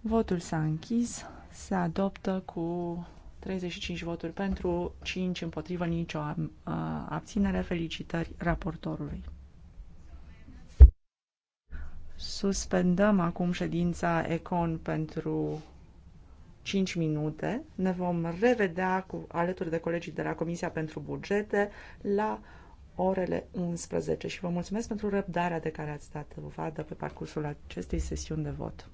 D: Votul s-a închis. Se adoptă cu 35 voturi pentru, 5 împotrivă, nicio uh, abținere. Felicitări raportorului. Suspendăm acum ședința Econ pentru 5 minute. Ne vom revedea cu, alături de colegii de la Comisia pentru Bugete la orele 11 și vă mulțumesc pentru răbdarea de care ați dat dovadă pe parcursul acestei sesiuni de vot.